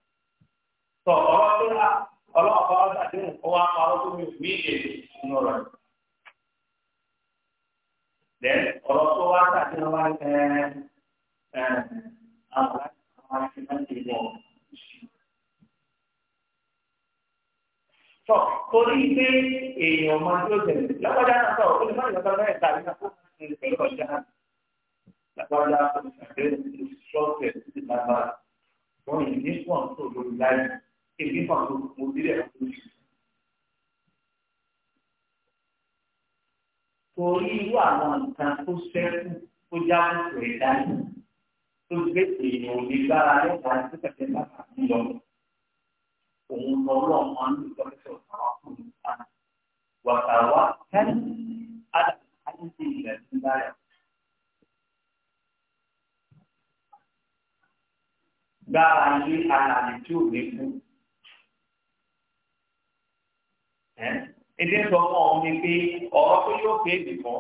tọ ọ̀rọ̀ tó la ọlọ́wọ́ bá ọjà tó ń wá pa ọ́ tó mi ò ní èdè nínú ọ̀rọ̀ yìí lẹ́ ọ̀rọ̀ tó wá tàbí ọ̀rọ̀ ẹ̀ ẹ̀ àwọn aláìsàn máa ń ṣe tọ torí pé èèyàn máa yóò jẹ̀lẹ̀ lápájá náà sọ̀rọ̀ ó lè má yọ̀ọ́ bá ẹ̀ka àríyá kó máa ń pẹ̀lú ọjà lápájá ìṣàkóso ìṣọ́ọ̀tẹ̀ ti lágbára wọn yìí ní fún tó lórí láyé èmi fún àwọn mo dílé àwọn tó ṣe. torí irú àwọn nǹkan tó ṣẹ́kù tó jáwé rẹ̀ dání tó gbé èèyàn ò lè gbára lẹ́ka tó kẹ̀kẹ́ bá kà ń lọ òun lọ́wọ́ ọmọ ní ìtọ́lẹ́sẹ̀ ọ̀sán ọkùnrin kan. Wàtàwá kẹ́lí Adàmọ́dé ilẹ̀ ń dáyà. Gba ayé alàlẹ́ tí ò ní kú. Ẹdí sọ fún ọ ní pé ọ̀rọ̀ tó yóò pé èdè kan.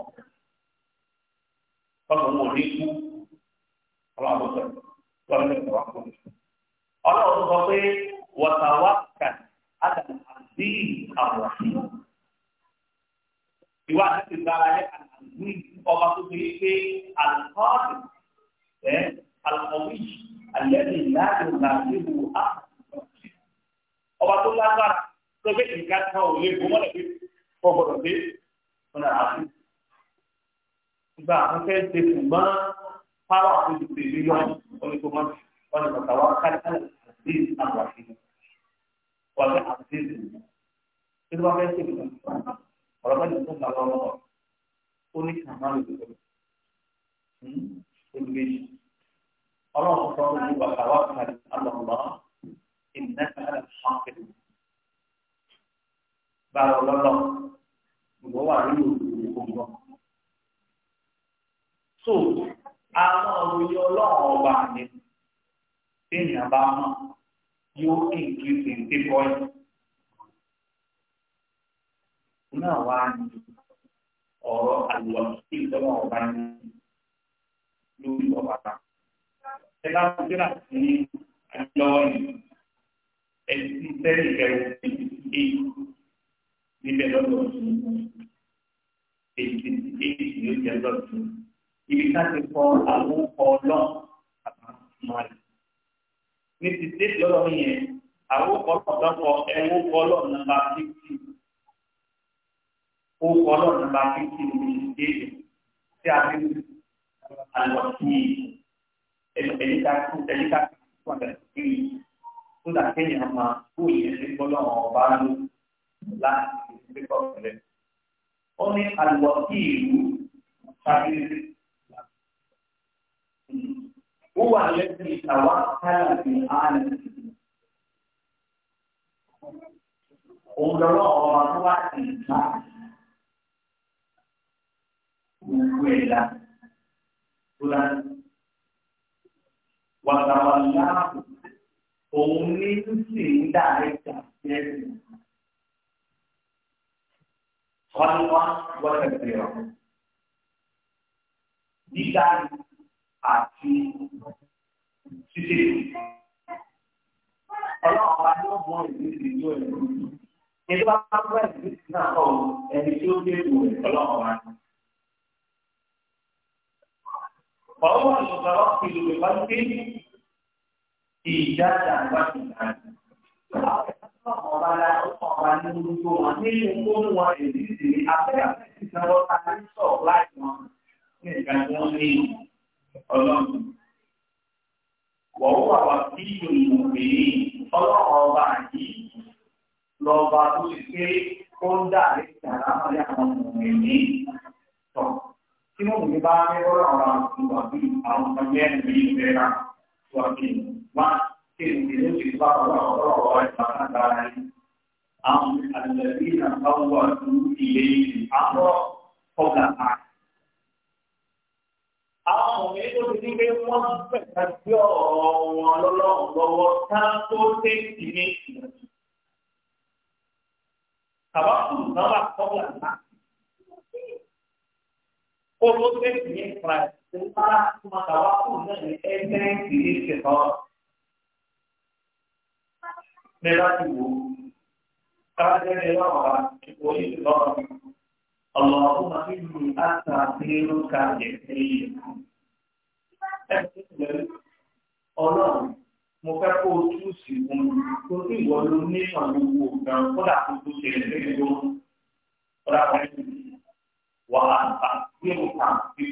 Ọlọ́run ò ní kú. Ọlọ́run sọ pé ọlọ́run sọ pé watawakkal ala al-aziz ar-rahim ìwà àti ìgbàlá yẹ al-aziz ọba tó fi ṣe al-qadir ẹ al-qawiy alladhi la yughadiru ọba tó lágbára tó fi ìka kan ò lè gbọmọ lẹbi fọwọdọ dé fúnra àti ìgbà àkọkẹ ṣe ṣùgbọ́n fáwọn àti ìṣèlú lọ wọn ni kò mọ wọn ni kò àti àwọn àfihàn wọlé àbùsíìsì kí ló bá fẹ́ ṣe ìgbà ọ̀rọ̀ bá dùn fún ìgbà lọ́wọ́ ó ní kàmá ló dé olùgbèjì ọlọ́run sọ wọn ní bàbá wa kàdé àlọ́mọ́ ìnáka àlàfáàkì báwo so àwọn òye ọlọ́run ọba mi téèyàn bá mọ̀ yóò increase in favour. Náà wá ní ọ̀rọ̀ àlùwà tí ìjọba ọba ní lórí ọba kan. Ẹ bá wọ́n gbé láti ní àjọyọ̀ ní ẹtí sẹ́yìn kẹrin sí eight níbẹ̀ lọ́dọ̀ eight eight ni lọ́dọ̀. Ibi ká ti kọ́ àwọn ọkọ̀ ọlọ́ọ̀ àti ní ti tẹ́tì ọ̀rọ̀ mi yẹn àwọn kọlọ́ọ̀dọ́kọ ẹ̀wọ́ kọlọ́ọ̀ nàmbà fífì ó kọlọ́ọ̀ nàmbà fífì ní ti tẹ́tì tí a fi àlọ́ sí ẹ̀yíká tó ẹ̀yíká tó wà lẹ́sìn tó dà kéèyàn máa kó ìyẹn ní kọlọ́ọ̀ ọ̀bá ló láti fi pẹ́kọ̀ tẹ̀lé. ó ní àlọ́ sí ìlú sábẹ́ هو الذي توكل في عالم Òǹdọ̀rọ̀ ọ̀rọ̀ tó wá sí ìgbà gbogbo ẹ̀dá tó dá wàtàwàlá òun ní sì ń àti títí. Ọlọ́run bá yóò mọ ìdíje ìjọ ìlú. Ẹni bá bá bá ìdíje náà kọ̀ ẹni tí ó dé ìlú ọlọ́run wá. Ọ̀rọ̀ ìṣòro ìlú ìwà ń gbé ìjà àgbà ìjà. Ọlọ́run bá dá ọlọ́run bá ní orúkọ wọn ní ìkó wọn èdè ìdíje. Àbẹ́rẹ́ àti ìsinmi ta ní sọ̀rọ̀ láì wọn ní ìgbà tí ọlọ́run wọ́n wà wá sí ìlú pé ọlọ́run ọba yìí lọ́ba tó ti pé ó ń dà ní ìjàlá lórí àwọn ọmọbìnrin ní tọ̀. tí mo ní bá ní ọ̀rọ̀ àwọn àtúntò àbí àwọn ọmọdé ẹ̀mí ìlera tó àbí wá sí ìdílé tó ti bá ọ̀rọ̀ ọ̀rọ̀ ọ̀rọ̀ ìbára dára yìí. àwọn àlùfẹ́ bí ìrànlọ́wọ́ ìlú ilé ìlú àwọn ọ̀gá àti àwọn ọmọ mi tó ti ní pé wọ́n gbẹ̀gbẹ́ sí ọ̀rọ̀ wọn lọ́lọ́run lọ́wọ́ tán tó tẹ̀sí ní ìrántí. Bàbá kùn náà wà kọ́kọ́ àná. Kó ló tẹ̀sí ní ìrántí tó bá bàbá kùn náà ní ẹgbẹ́ ìdílé ìṣẹ̀kọ́. Mẹ́lá ti wò ó. Káwá jẹ́ ẹgbẹ́ ọ̀rọ̀ àti orí ìlọ́run. اللهم إني أستغفرك لذنبي Ọlọ́run mo fẹ́ kó o tú sí fún mi tó ní ìwọ ló ní ìrànlọ́wọ́ gan kódà kó tó ṣe lè lè lọ kódà kó lè wà á bá bí mo kà bí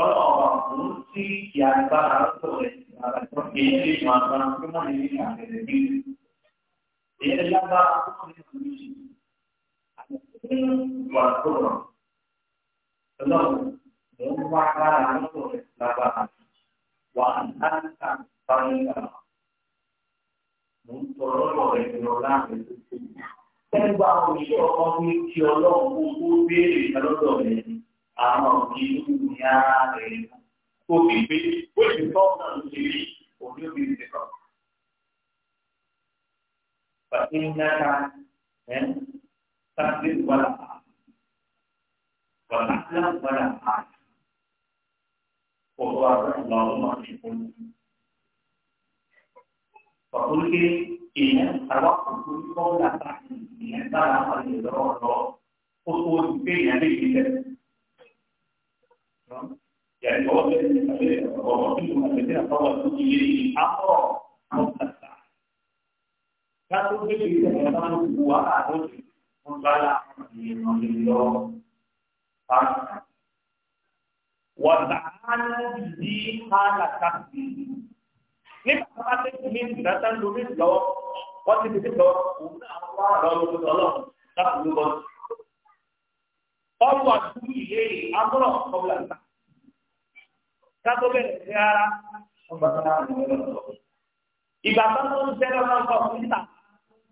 Ọlọ́run mo tí ìyá agbára sọ̀rọ̀ ẹ̀ àgbàdo èyí lè máa bá tó mọ̀ nínú ìyá rẹ̀ lẹ́yìn èyí ní ìlú yìí ọlọ́run mò ń wá agbára lọ́dọ̀ rẹ̀ lágbára wà á dáńtà sáré gbàgbà ń tọ lọ́dọ̀ rẹ̀ lọ láàrin tó tó yìí. Nígbà òṣìṣẹ́ ọkọ ní kí ọlọ́run gbogbo béèrè lọ́dọ̀ rẹ̀ àwọn òbí ní ara rẹ̀ kò fi gbé ó sì tọ́ ọ̀nà òṣèré òbí òbí ti kọ̀. فإنك تقدر ولا وتعلم ولا تعلم وهو اللهم يقول فقل لي إن سبق كل قول تعلم إن سبق الإضرار خطوة في نبيك يعني هو الذي يقول الذين قالوا إليه أمر 他都是一个人，他们我啊都是不干了，你们这个啊，我咱自己他那啥子，你把他这里面那单独的聊，我这里的聊，我们阿拉聊就聊了，那不够。ọwọ́ àdúgbò ilé agbọ́dọ̀ kọ́bílà ta kátó bẹ̀rẹ̀ sí ara ọgbà tó náà lọ́wọ́ ìgbà tó ń sẹ́lẹ̀ náà kọ́ fún ìta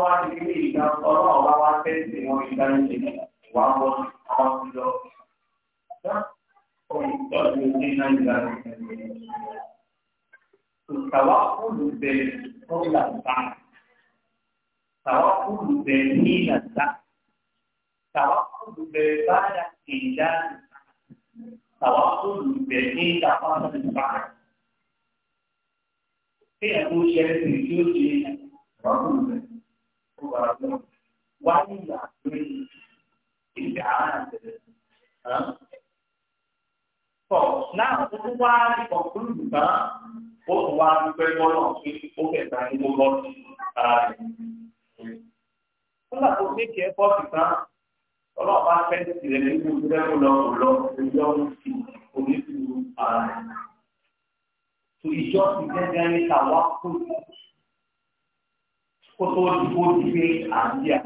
wọ́n wá ti ní ìgbà ọlọ́run ọba wá tẹ́sí wọn ìgbà ní ìwà wọn àwọn ti lọ. Ìtọ́jú ní Nàìjíríà ní ẹgbẹ̀rún. Ìtàwá kúlù bẹ̀rẹ̀ tó làtà. Ìtàwá kúlù bẹ̀rẹ̀ ní làtà. Ìtàwá kúlù bẹ̀rẹ̀ báyà ìjà. Ìtàwá kúlù bẹ̀rẹ̀ وعليا So now, ó wá ní kọ̀kúrú kan, ó tún wá ní pé wọ́n náà fi ó kẹta ní gbogbo ara rẹ̀. Nígbà tó ṣe kí ẹ pọ́ọ̀tù kan, ọlọ́run bá fẹ́ tirẹ̀ gẹ́gẹ́ ní káwá kúrò kó tó di kó di pé à ń bí à.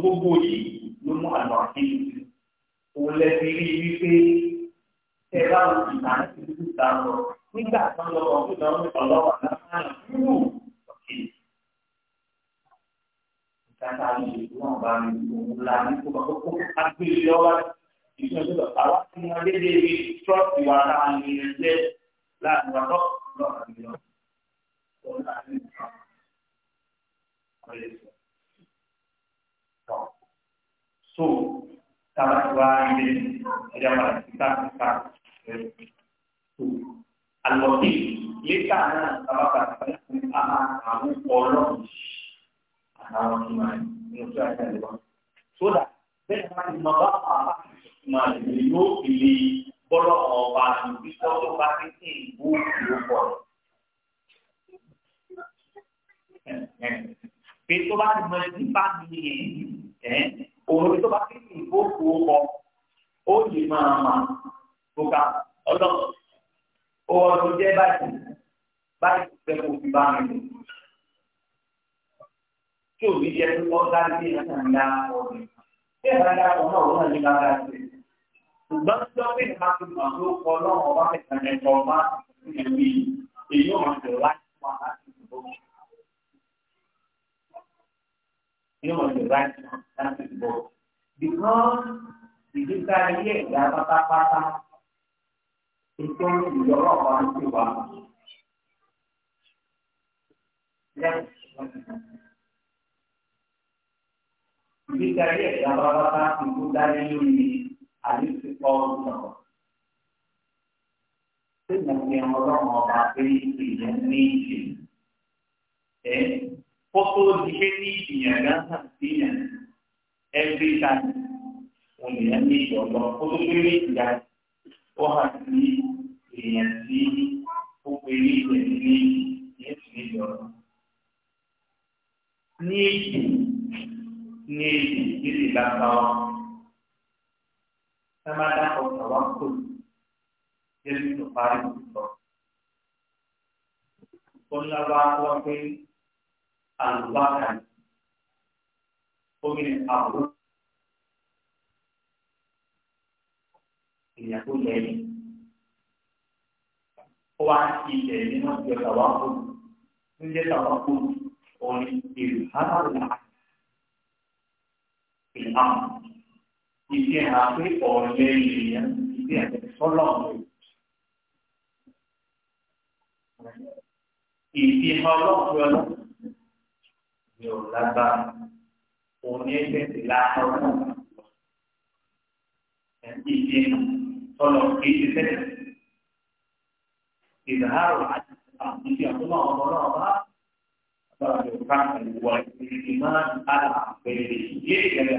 gbogbo yìí ló mú àlọ́ àkéyìí òun lẹ́bi rí i wípé ẹ bá wọn ti tà ní ìlú ìta lọ nígbà tó ń lọ ọdún náà ní ọlọ́wà náà nínú ọ̀kẹ́. Ìkàtà ìṣèlú náà bá mi òun la ní kó kó kó agbèrè lọ́wọ́ ìṣẹ́jú lọ. Àwa ti mọ dédé trọ́ọ̀tì wa láàrin ẹgbẹ́ láàrin wa lọ́kùnrin náà. So, sahabat dua ini ada pada kita kita Al-Wati Lita na sahabat pada kita kamu kolom Anak iman Nusa ni dua Sudah Dengan mabak apa Malimu pilih Bolong obat Bisa obat ini Buku bolong pé tó bá mọ ní bá mi yẹn òun tó bá fi kì í bókú ọ ó lè máa mà bóka ọlọ́run ó ọdún jẹ́ báyìí báyìí fẹ́ kó fi bá mi lò tí òbí jẹ pé wọ́n dá sí ìrìnàjò ọ̀rẹ́ bí ìrìnàjò ọ̀rẹ́ náà wọ́n ní bá dá sí ṣùgbọ́n tí wọ́n fi ìrìnàjò ọ̀rẹ́ náà wọ́n bá fẹ̀sẹ̀ ẹ̀ you know, the right country to go. Because the digital year, the pata pata, is going to be a lot of people. Yes. Digital year, the pata pata, the good that you need, at least the fall of Tức là nghèo đó họ đã bị thì nên đi chứ. Thế kótó dìé ní ìyàgá hàn síyàn ẹgbẹ́ ìdáná ònìyàn ní foto kótó péré ìyá ó hàn sí èèyàn tí ó péré ìyẹn ní yéésù ìjọba. ní èyí ní èyí nílì lápá ọ sábàdà ọ̀sán wa kò yẹn tó parí ìtọ́. ó ní abá wá pé. Abu Bakar. Pemimpin Abu ìyàwó lẹ́yìn. Ó wá sí ilẹ̀ nínú ìjọ tàwákò. Ń jẹ́ tàwákò òní ìlú Hábàlá. Ìlà ìdí ẹ̀hà pé ọ̀lẹ́ ènìyàn ìdí ẹ̀hà sọ́lọ̀ ìdí ẹ̀hà ọlọ́pàá ọlọ́pàá ni ò lágbára òun ní ẹgbẹ̀sì láàárọ̀ ẹ̀ǹtí ìdí tọ́lọ̀ kìí ṣe sẹ́yìn ìdáhàrò àti àtúnṣe àtúnṣe àwọn ọmọ náà bá bára lè ká ìwà ìgbìmọ̀ àlà pẹ̀lẹ́ ìdí ìgbẹ́lẹ́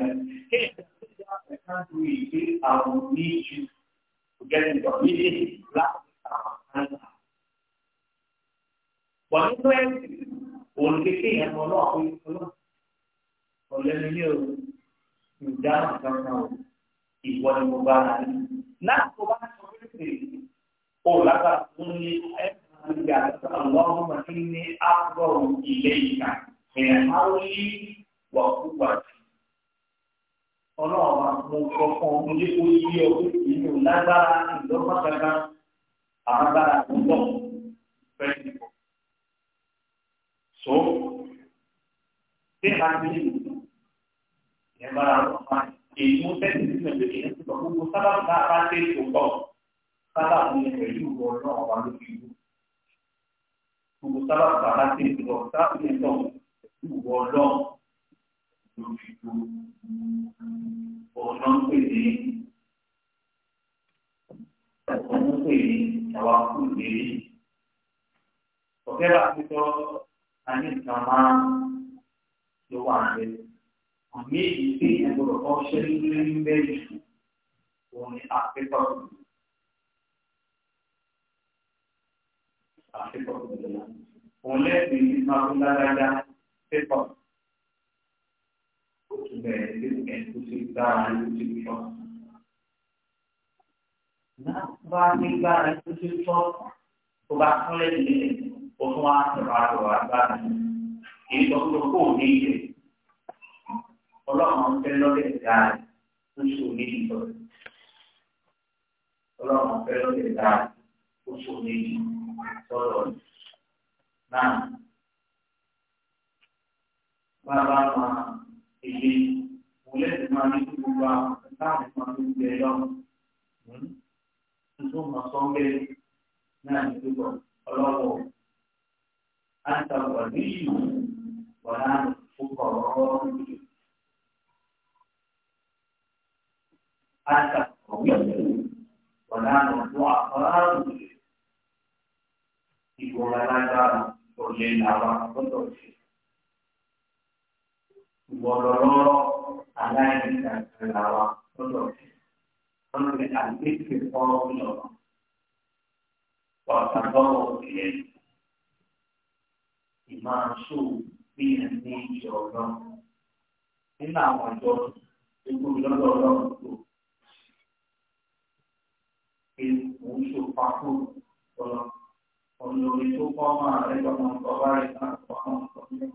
kéèyàn tó ti dá ẹ̀ka ju ìgbé àwọn oníṣu gẹ́gẹ́ bí ọ̀gbìn láti àwọn àlà. wọ́n ní pẹ́ẹ́sì òun kékeré yẹn mọ náà pé ọlọ́run ọ̀lẹ́ni ní o ìdáhùn kankan o ìwọ ni mo bá rà ní. láti tó bá sọ pé pé o lágbára fún ní ẹ̀ka àti àwọn ọmọ ní àbọ̀rù ilé ìka ẹ̀ka ó yí wà púpà jù. ọlọ́run máa mú kọ́kọ́ ojú kó yí ọ pé kì í ní kankan àwọn agbára tó ń bọ̀ fẹ́ẹ́ nìkan. So, sehat diri. Yang barang ilmu teknis menjadi yang sebab hukum salah tak pasti hukum. Salah punya kayu bono orang itu. Hukum salah tak pasti hukum tak punya hukum. Bono. Bono ini. Bono ini. Jawab sendiri. Okeylah itu. Ani nǹkan máa ló wà bẹ àmì èyí tí ìgbọ̀rọ̀ kan ṣe ń bẹ jù òun ni àfikọ́ àfikọ́ òun lẹ́sìn ní ìmọ̀lára pépọ̀ ó tún bẹ̀rẹ̀ sí ẹ̀kú sí dára ló ti sọ. Náà bá ní gbára tó ti sọ, bá kún lẹ́yìn lẹ́yìn ó tún wá sọ̀rọ̀ àtọ̀rọ̀ àgbàdo èyí tó tó kó ní ìyẹ ọlọ́run fẹ́ lọ́dẹ̀ dáa oṣù méjì lọ ọlọ́run fẹ́ lọ́dẹ̀ dáa oṣù méjì sọ̀rọ̀ náà bàbá ma èyí wòlé ti máa ní gbogbo àwọn táwọn máa ń gbé lọ tuntun mọ̀ sọ́ńgbé náà ní gbogbo ọlọ́wọ́. أنت الولي ونحن الفقراء أنت القوي ونحن الضعفاء يقول لنا دار قرينا وقدرته وضرورة أنا يمكن أن أنا من أن يكفي الله وأتضرر ìmáṣó bí ẹni ìjọ ọlọ́run nínú àwọn ìjọ gbogbo ìlọ́dọ̀ ọlọ́run tó pé òun ṣò pákó lọ olórí tó kọ́ máa rẹ lọ́mọ ọba rẹ náà kọ́ àwọn ọ̀sán náà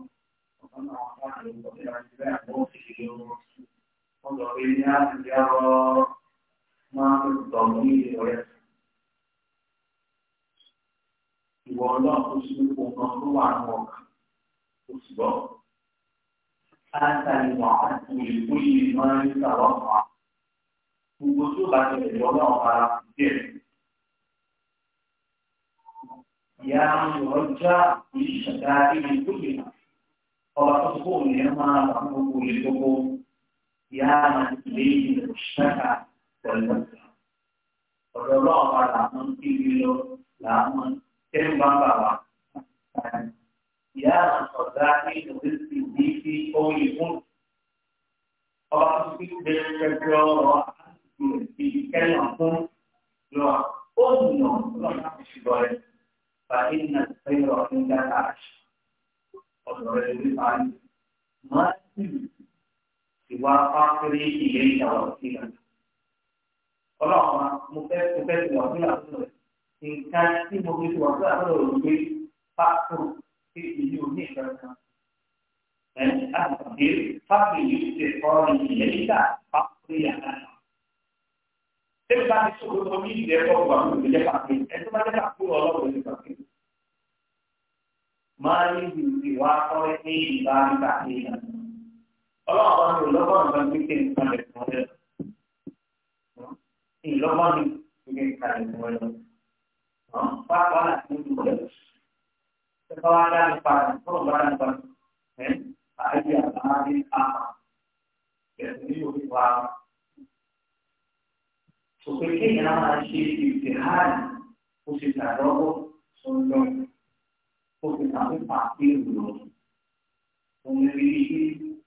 ọ̀sán náà wọ́n máa lè wọlé àti bẹ́ẹ̀ àbọ̀ òṣèlú wọn wọ́n lọ rí ní àtijọ́ máa ń tọ̀gbọ́n ní ìrẹsì. ìwọ ọlọ́run tó ṣe kó nǹkan tó wà ní ọkàn tó sì bọ́. Sáńtàlì wà á ti lè kó yìí máa ń sàrọ̀ fún wa. Gbogbo tó bá ti lè lọ́wọ́ ara díẹ̀. Ìyá ìrọ̀jà ìṣẹ̀dá ilé ìgbóyè ọba tó ti bóun yẹn máa wà fún gbogbo ilé gbogbo. Ìyá máa ti lè yìí ṣẹ́ka pẹ̀lú ọ̀dọ̀ ọlọ́run padà mọ́ kí ilé lọ làá irin bambawa ya zafi da rizki bifi ko yihun ọba tuntun bẹ kẹkẹ ọ̀rọ̀ àti kẹlẹ fún lọ ó nù lọ láti ṣùgbọ́n rẹ fàáyé nà sẹ́yìn ọ̀rọ̀ nígbà láàṣì ọ̀dọ̀ rẹ lórí fàáyé máa ń ìwà fáfírí ìyẹn ìyàwó sílẹ̀ ọlọ́run mo fẹ́ mo fẹ́ ti wà nílà fún rẹ. nǹkan tí mo fi wà fún àbúrò rẹ̀ pé pápó tí ìlú ní ìgbàgbọ́. Ẹ àgbàgbé pápó yìí ti kọ́ ìyẹn nígbà pápó yà náà. Ṣé bá ti sọ̀rọ̀ tó ní ìdí ẹ̀kọ́ wà fún ìgbẹ́jẹ́ pàpé? Ẹ tó bá jẹ́ pàpé ọlọ́run ní pàpé. Máa ní ìdìbò wa kọ́ ní ìbá ní pàpé yà. Ọlọ́run bá mi lọ́gbọ́n nǹkan tó kéde nǹkan rẹ̀ fún ọ Papa nak tunjuk. Sekolah depan, perubahan depan. Eh, ayah, apa? Jadi itu apa? Su pequeña alma allí dejar o se tardó solo porque estaba partiendo donde dirigí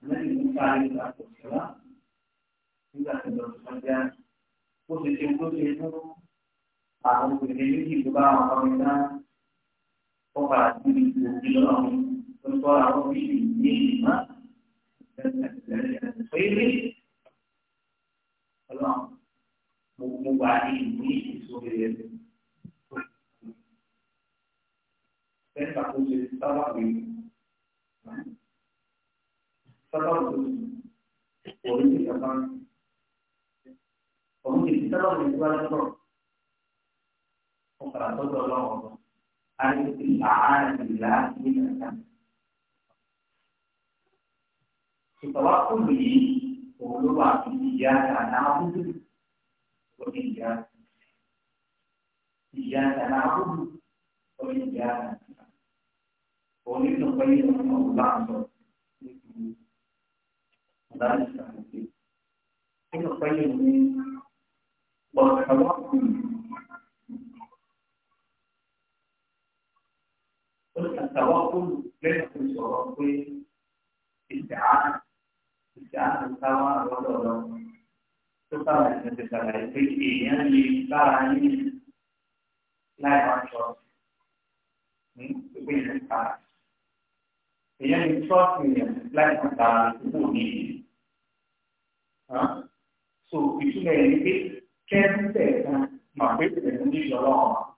una dificultad de la sociedad y la sentencia posición àwọn obìnrin méjì tó bá wọn kọ́ náà wọ́n padà sí ìlú òbí lọ́wọ́ mi tó ń tọ́ àwọn méjì ní ìmọ̀ péré ọlọ́run mo mo wà ní ìlú ìṣòro yẹn. Bẹ́ẹ̀ni bàtò ṣe sábà rí sábà rí òun ti sábà òun ti sábà rí wá lọ́rùn ó padà tọ́jú ọlọ́run ọ̀gbọ́n àti àárín ìlà nílẹ̀ ẹ̀ka. Ìtọ́wá kúlù yìí òun ló wà ní ìyá àdáhùn lórí ìyá ìyá àdáhùn lórí ìyá òun nínú pé ìyá ọ̀gbà ń sọ nítorí ọ̀dà ìsàlùkè. Nínú pé ìyá ọ̀gbà ń sọ والتوكل ليس في شرط استعانة استعانة سواء ولا تقرأ أن تتبعي في إيمان تراني لا يعشر تبين الحال يعني شرط لا يعشر تبوني ها سو إتنا يبي كم تكن ما بيتنا نجلوها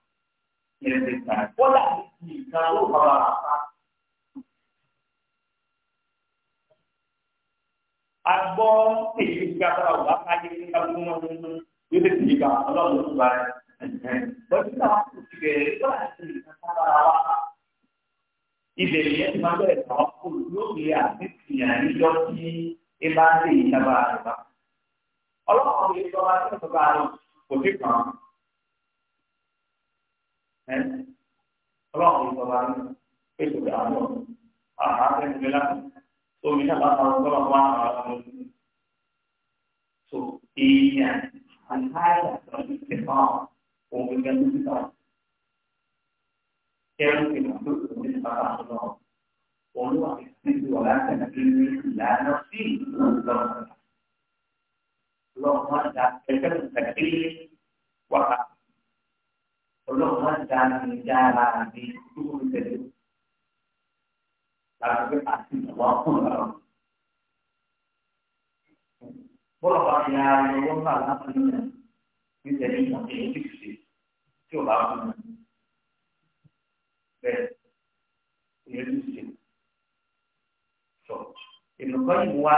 يبي تكن ولا nìkan ló bá wà láta. agbọ́ èyí ti gba sára wà káyé ní kálukú wọn ní ní yóò lè tìyí gba ọlọ́run tó bá rẹ̀. bọ́dí náà kò sí bẹ̀rẹ̀ tó bá ti lè kàn sára wà ká. ibẹ̀ yẹn ti máa bẹ̀rẹ̀ kàn kó lóògbé àti tìyàn níjọ́ tí ẹ bá ń lè yí sábà rẹ̀ wá. lè sọ wá sí ọ̀sán bá kò sí kàn án. คล่องประมาณไปสุดอันนอาหารเป็นเวลาตัวมีชาติก็ระวังสุขีเนี่ยอันท้ายตอนที่เป็นพ่อผมเป็นกันที่ตอนเกี่ยวกับที่ผมตื่นมาตอนเช้าผมรู้ว่าที่ตัวแล้วแต่ที่แล้วที่เราเราเห็นจากเป็นกันแต่ที่ว่า ọlọ́pàá da mi dára mi tó ń tẹ̀lé. Láti pé àti ìwà fún ọ̀rọ̀. Bọ́lá wa fi ara ẹni wọ́n bá lápá nínú ní tẹ̀lé ìmọ̀ èyí tí kìí tí ò bá fún mi. Bẹ́ẹ̀ èyí tí kìí. Sọ ìlúkọ́ yìí wá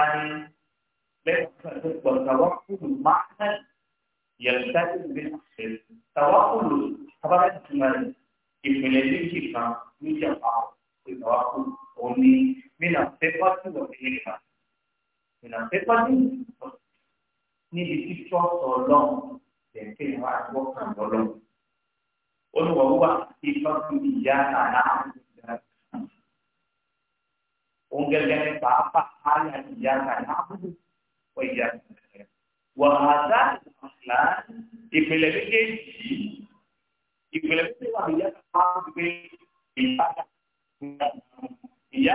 lẹ́yìn tó gbọ̀ngàn wọ́n kúrò máa ń yẹ̀rù dájú ìgbésẹ̀ tàwọn kúrò abára ti túmọ̀ rẹ̀ ìpìlẹ̀ méjì kan méjì àpapọ̀ ìgbàwá kù òun ni mínà pépà tí wọ́n fi nípa mínà pépà tí wọ́n níbi títọ́ sọ̀lọ́ tẹ̀sẹ̀ wá gbọ́kàn lọ́lọ́ olùwọ̀wúwà ìfọ́ fún ìyá àná òun gẹ́gẹ́ ní pàápàá ayé ìyá àná àbúrò wọ́n ìyá àná wọ́n àdá ìpìlẹ̀ méjèèjì yìí ìpìlẹ̀ tó wà ìyá tó máa ń gbé ìyá ìyá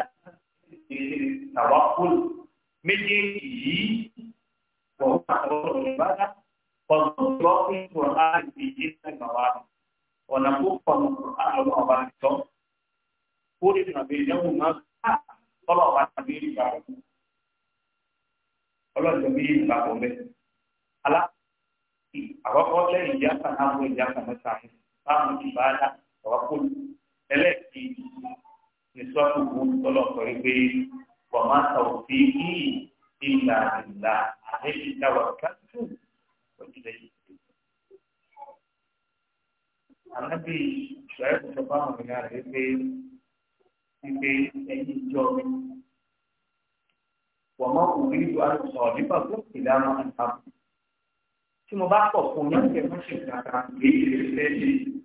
tàwa kúlù méjèèjì yìí wọ́n máa ń lọ ìbára ọ̀dọ́ ìwọ́n fún ìwọ̀nà ìdíje náà wà ọ̀nà tó pọ̀nù àwọn ọba àtọ́ ó lè tàbí ìdánwò náà ká ọlọ́ọ̀bá tàbí ìgbà wọn ọlọ́ọ̀dọ́ bí ìgbà wọn alá àkọ́kọ́ lẹ́yìn ìyá kan náà wọ ìyá kan mẹ́ta yìí fáwọn ìbáadá ọ̀wákòlù ẹlẹ́ẹ̀kejì ní sọ́ọ̀tù wọn tọ́lọ̀ sọ wípé wọ́n máa sọ̀rọ̀ sí yìí ìlà ìlà àdéhùn ìdáwà kájú ojúlẹ̀ yìí. Ànábì ìṣòro sọ fáwọn ìlà rẹ̀ pé wípé ẹyin jọ mi. Wọ́n máa kò rí ìlú àlùsọ̀ nípa fún ìlànà àtàkùn. Tí mo bá pọ̀ fún yàtọ̀ ẹ̀fọ́ ṣe kàkà èyí lè fẹ́ ṣe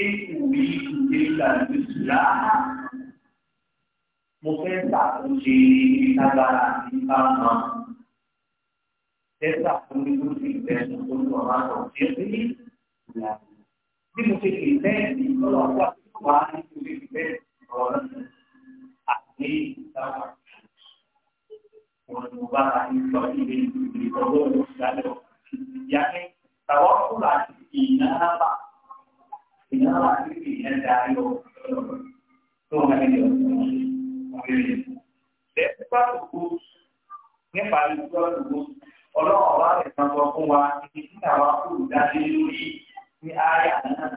èkùrí ìgbésà ìsìlá mo fẹ́ ṣàtúnṣe ìtagbára nípa mọ́ tẹ́sà fún mi tó ti tẹ̀sán tó lọ máa tọ̀ sí ẹgbẹ́ ìlà bí mo ṣe lè tẹ́ẹ̀sì lọ́wọ́ àwọn àtúntò wa ní kí mo ṣe lè tẹ́ẹ̀sì ọ̀rọ̀ àti ìtawà wọn ni mo bá ta ní sọ ilé ìgbìmọ̀ ìgbọ̀wọ́ ìgbàlọ́ ìyá ní tàwọn fúlàní ìnáàbà ìyáwó àti ìyẹn darí o tó wọn lè lọ lẹ́sìpá gbogbo nípa ìgbọ́ gbogbo ọlọ́run ọba rẹ̀ kan sọ fún wa ibi tí àwa kò dájú lórí ní àyà náà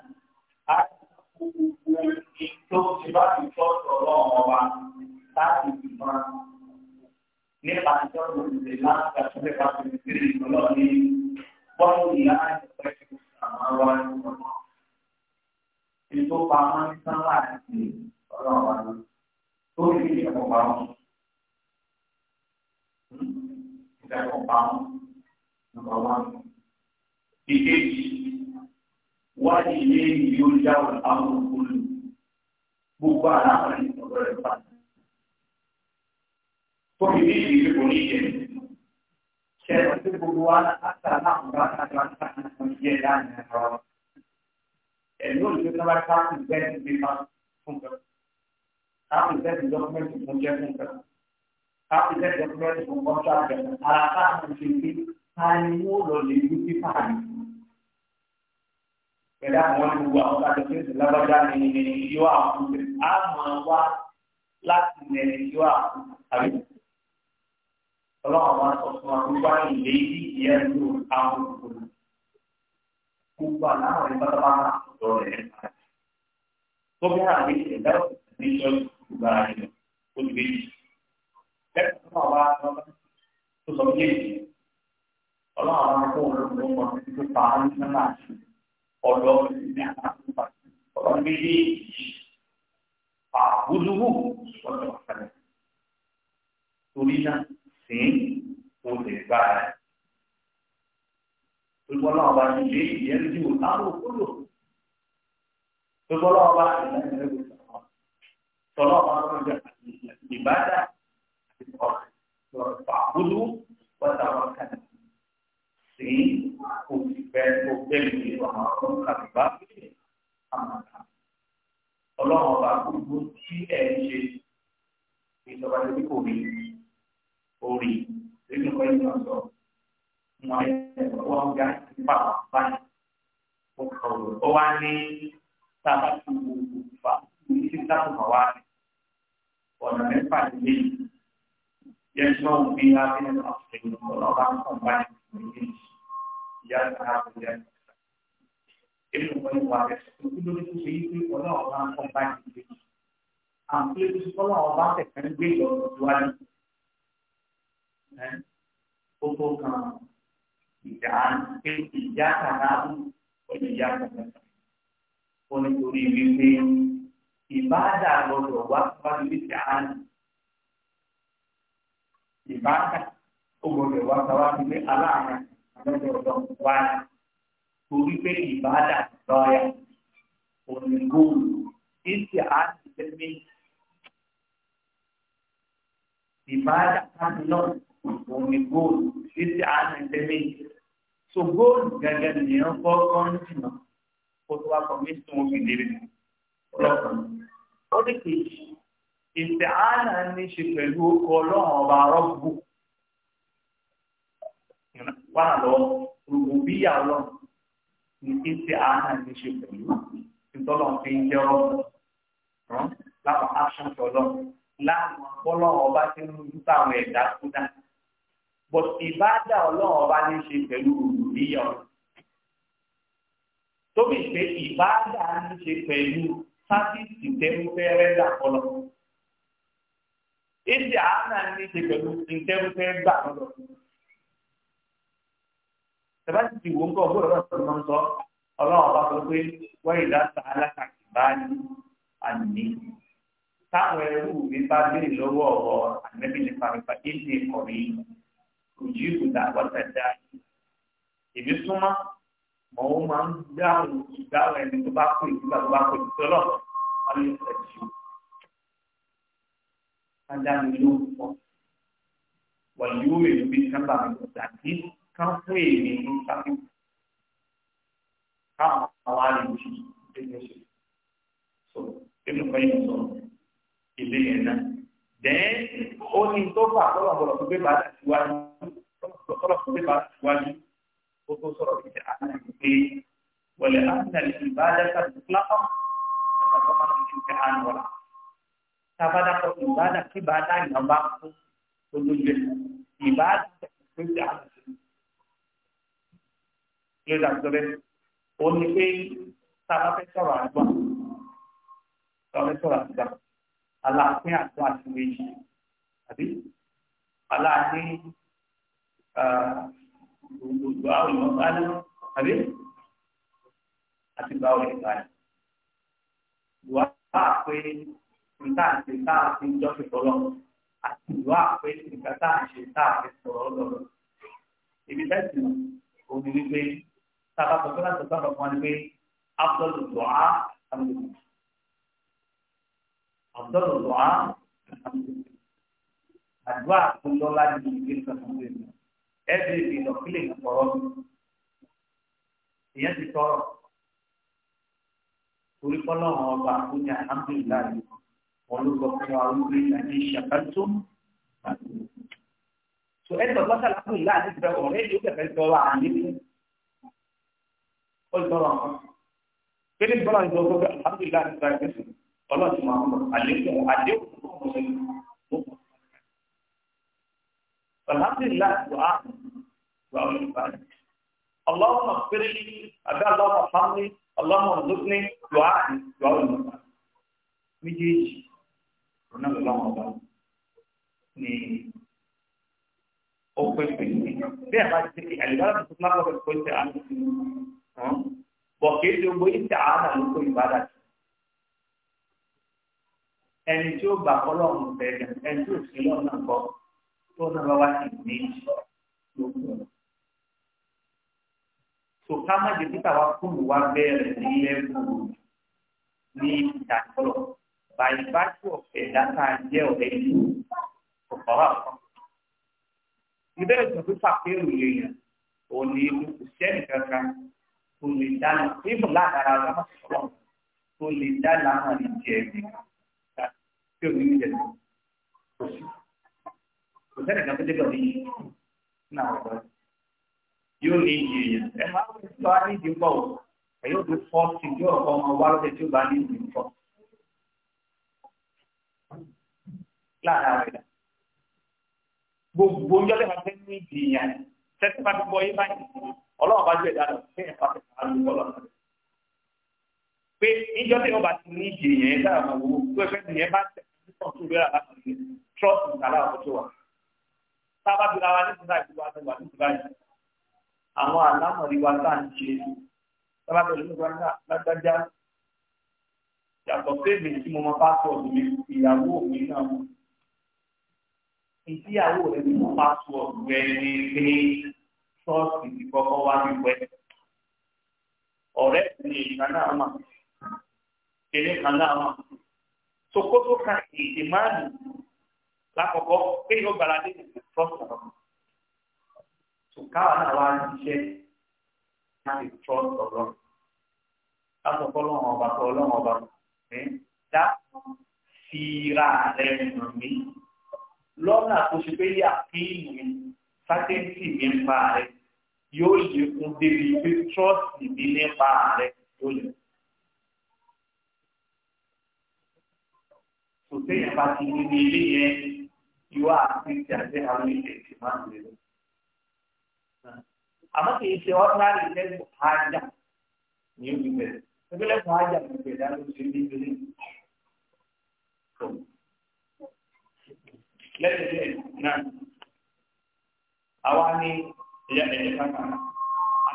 a kò gbogbo ní tó ti bá ti tọ́ ọlọ́run ọba láti ìgbìmọ̀ nípa ìjọ lòdì láti àtúnṣe bá ti tẹ̀lé ọlọ́run ní bọ́ọ̀lù ìyá àti ìpẹ́ẹ́sì àwọn ará ìgbìmọ̀ náà itu paman salah orang itu ini tidak mau bangun tidak mau bangun membangun titik wajib yurjal amur kulu buka lahan berdepan Pemilih di Indonesia, saya berdoa atas nama rakyat rakyat yang menjadi ẹ̀mí ò lè tẹ́lá káàpù bẹ́ẹ̀ni pépà fún kan káàpù bẹ́ẹ̀ni dọ́kúmẹ́ntì fún jẹ́ fún kan káàpù bẹ́ẹ̀ni dọ́kúmẹ́ntì fún kọ́ńtà jẹ́ fún ara káàpù ṣe pé káàní ó lọ lè ní pépà rẹ̀. pẹ̀lú àwọn olùwò àwọn adọ́kẹ́sì lábájá ni yóò àkú á máa wá láti nẹ̀ yóò àkú àbí. ọlọ́run wa sọ fún wa wípé ìlérí ìyẹn gbogbo àláwọ̀ ẹ̀ pátápátá lọ rẹ̀ ẹ̀ tó bí wà ní ẹ̀dá ìṣọ́ gbogbo ara rẹ̀ ó ti méjì lẹ́kọ̀ọ́ náà wá tó sọ méjì ọlọ́run àwọn akó olóògbé wọn ti tó pa á ní náà àti ọ̀dọ́ ní àtàkùnfà ọlọ́run méjì àbúdúwò ọ̀dọ̀ àkàlẹ̀ torí náà sí ó lè gbára rẹ̀. Olùkọ́lá ọba ní ilé ìyẹn ju àrùn kúrò. Olùkọ́lá ọba ìlànà ẹ̀rọ ìsọ̀rọ̀. Sọlá ọba ń rọjò ìbádà àti ọ̀rọ̀ fàbúdú wọ́tà wọ́tà. Sí òfìfẹ́ òfìfẹ́ ìlú àwọn ọ̀rọ̀ kàbíbá fìlẹ̀ àmàlà. Ọlọ́run ọba gbogbo tí ẹ̀ ń ṣe ìjọba ìdíkò rí orí nínú ẹ̀yìn ọ̀sọ̀rọ̀ wọ́n ga pàpà báyìí ó kọ̀wé ó wá ní sábà tó gbogbo fà ní sísá tó kọ̀ wá ní ọ̀nà mẹ́fà nílé yẹn tó ń bí abẹ́rẹ́ ọ̀sẹ̀ ọ̀nà bá ń kọ̀ báyìí nílé ìyá tó ká ló yẹ èmi ò mọ ìwà rẹ̀ kí ló dé tó ṣe yí pé ọ̀nà ọ̀nà ń kọ̀ báyìí nílé àǹtí ló ti sọ́nà ọba tẹ̀sán gbé ìlọ́sọ̀tún wáyé ó tó kàn án ìdáhán pé ìyá kàdáàbù pẹ̀lú ìyá kàdáàbù. ó ní torí wípé ìbáàdà gbọdọ̀ wá síwájú bí ìdáhán ìbáàdà ó gbọdọ̀ wá síwájú bí aláàárín àgbẹ̀dọ̀dọ̀ wáyà torí pé ìbáàdà lọ́ọ̀yà òní góòlù ìdáhán ìfẹ́ mi ìbáàdà kan náà òun ni góòlù títí àánìtẹ́mí so góòlù gẹ́gẹ́ nìyẹn kọ́ kọ́ńtìmọ̀ kó tó wá kọ́mí tó wọn fi léèrè ọlọ́kan ó ní kejì ìtì àánà ní ṣe pẹ̀lú ọkọ̀ ọlọ́run ọba rọ́gbù wà lọ rògbòbíyà ọlọ́run ní ìtì àánà ní ṣe pẹ̀lú ìtọ́lọ̀ fi ń jẹ́ ọ̀rọ̀ láwọn aṣọ ọlọ́run láwọn ọlọ́run ọba tí ń rújú táwọn ẹ̀dá kú but ìbádà ọlọ́run ọba ní í ṣe pẹ̀lú olùdíyà tóbi pé ìbádà ní í ṣe pẹ̀lú sáfíìsì tẹ́mufẹ́rẹ́ gbà kọlọ. èsì àánà ní í ṣe pẹ̀lú tẹ́mufẹ́rẹ́ gbà kọlọ. sẹ́fẹ́sì ti wò ń kọ́ ọgbọ́dọ̀ náà sọ̀rọ̀ náà sọ ọlọ́run ọba sọ pé wọ́n ìdá sa alákàtì báyìí àní táwọn ẹrú mi bá béèrè lọ́wọ́ ọ̀rọ̀ ànẹ́bí nípa nípa èdè kọ̀ọ̀rọ̀ yìí ojú ìgbà wọ́tẹ̀ dá èmi súnmọ́ mọ̀ ó máa ń dáhùn ìdáhùn ẹni tó bá pè nígbà tó bá pè tọ́lọ̀ alẹ́ ẹ̀jú adánilu pọ̀ wọ̀nyí ó lè fi kábà tàbí ká fún èmi ní sáfì káwọn àwọn àlejò ẹni ṣe so ẹnu kan yìí sọ ilé yẹn náà dẹ́ẹ́ ó ní tó fà tọ́lọ̀ bọ̀lọ̀ tó gbé bàtà síwájú sọ̀rọ̀ fún mi bá wájú ó tó sọ̀rọ̀ fi ṣe àná pé wọlé àná lè bá dáká tó lápá àtàkọ́ máa ń fi ṣe àná wọ̀lá. Tábàdà kọ ìbádà kí bàdà ìyàn bá kú olóyè ìbádà tó ṣe àná sí. Ilé ìdàgbẹ́rẹ́ ó ní pé tábà fẹ́ sọ̀rọ̀ àgbà tábà fẹ́ sọ̀rọ̀ àgbà aláàfin àtọ́ àti méjì àbí aláàfin gbogbo àwọn ìmọ̀ bá lọ àbí àti gba òye báyìí. Dùwà bá pé nta àti tá a fi jọ́ fi tọ́lọ̀ àti dùwà pé nǹkan tá a ṣe tá a sọ̀rọ̀ lọ́dọ̀. Ibi tẹ́sí òní wípé sábà tọ́jú láti sábà fún ni pé Abdul Dùwà Alhamdulillah. Abdul Dùwà Alhamdulillah. Àdúrà tó lọ́lá ní ìgbésẹ̀ fún ìgbésẹ̀ ẹbí ìdìnnà kílè kọ̀rọ̀ mi ìyẹn ti tọrọ torí kọ́lá àwọn ọba àkójá alhamdulilayi wọn ló sọ fún wa wípé ìdájí ṣàkàtó so ẹni tó gbọ́sà alhamdulilayi ti bẹ̀rẹ̀ ọ̀rẹ́ yìí ó kẹfẹ́ tọrọ àníkú ó tọrọ kéde bọ́lá ìjọba alhamdulilayi ti bẹ̀rẹ̀ ọlọ́ọ̀tún àwọn àlékún àdéhùn tó kọ̀ sẹ́yìn alhamdulillah du'a du'a olùbàdàn allahumma firli àbí allahumma hamli allahumma rzuqni du'a du'a olùbàdàn méjèèjì ọ̀nà lọ́wọ́ ọba ni ó pé pé bí ẹ̀ bá ti ṣe àlùbáàdàn tó máa bọ̀ pé ṣe àmì bọ̀ kí ṣe gbogbo ìṣe àánà ló kó ìbàdàn ẹni tí ó gbà kọ́ lọ́run bẹ̀rẹ̀ ẹni tí ò sí lọ́run náà kọ́ tó náà bá wá sí ní lókun. tó ká má jẹ títà wá fóònù wá bẹ̀rẹ̀ ní lẹ́gbù ní ìdájọ́ báyìí bá tí ọ̀fẹ́ dáta jẹ́ ọ̀rẹ́ yìí kò fọwọ́ àkọ́. ìbéèrè tó fi fàpérò èèyàn ò ní kò sẹ́ni kankan tó lè dáná ìmọ̀ ládàra ọ̀rọ̀ sọ̀rọ̀ tó lè dáná àwọn ìjẹ̀bi kò sí kò sẹ́ni kan tó dé pẹ̀lú yìí nínú àwọn ọ̀dọ́ yóò ní iye yẹn ẹ máa ń lọ á ní ìdí pọ̀ o ẹ yóò fi fọ́ sí ìdí ọ̀pọ̀ ọmọ wa lóde tí ó bá ní ìdí pọ̀ láàárín àwọn ìdá gbogbo ń jọ́lẹ̀ máa fẹ́ ní ìdí yẹn sẹ́tí bá ti bọ́ yé báyìí ọlọ́run bá jẹ́ ìdáná fún ẹ̀ka pẹ̀lú àwọn ọlọ́run pé níjọ́ tí wọ́n bá ti ní ìdí yẹn dára máa wò ó pé fẹ́ẹ́ nìyẹn bá tẹ̀ ní kọ̀ọ̀tù rẹ̀ àbá sábà bíra wa nígbà ìlú àti wà nígbà yìí àwọn àlámọ̀rí wa tá à ń ṣe sábà bẹ̀rẹ̀ nígbà lágbájá yàtọ̀ sébè tí mo máa bá sọ ọ̀dùn mi ìyàwó mi náà mọ̀ ìdíyàwó rẹ̀ ni mo máa sọ ọ̀dùn rẹ̀ ní pé ṣọ́ọ̀ṣì ti kọ́kọ́ wá ní pẹ́ ọ̀rẹ́ mi ìgbà náà mà kéré kan náà mà sokoto kan ìdìmáàlì lákọ̀ọ́kọ́ pé yóò gbára dé trust ọ̀rọ̀ tó káwa náà wá ṣiṣẹ́ láti trust ọ̀rọ̀ lákọ̀ọ́kọ́ lọ́wọ́ ọba tó ọlọ́wọ́ ọba ẹ̀ dá fira rẹ̀ hàn mí lọ́nà tó ṣe pé yà kí mi sátẹ́ǹtì mi ń pa rẹ̀ yóò lè kún débi pé trust mi nípa rẹ̀ yóò lè kún. tòtẹ́yìn bá ti ní ilé yẹn you are things that they have only taken one level. Ama ki işte onlar ile muhacca. Niye bilmiyorum. Böyle muhacca mı beden bu şimdi böyle. Let's say, na. Awani ya ne kana.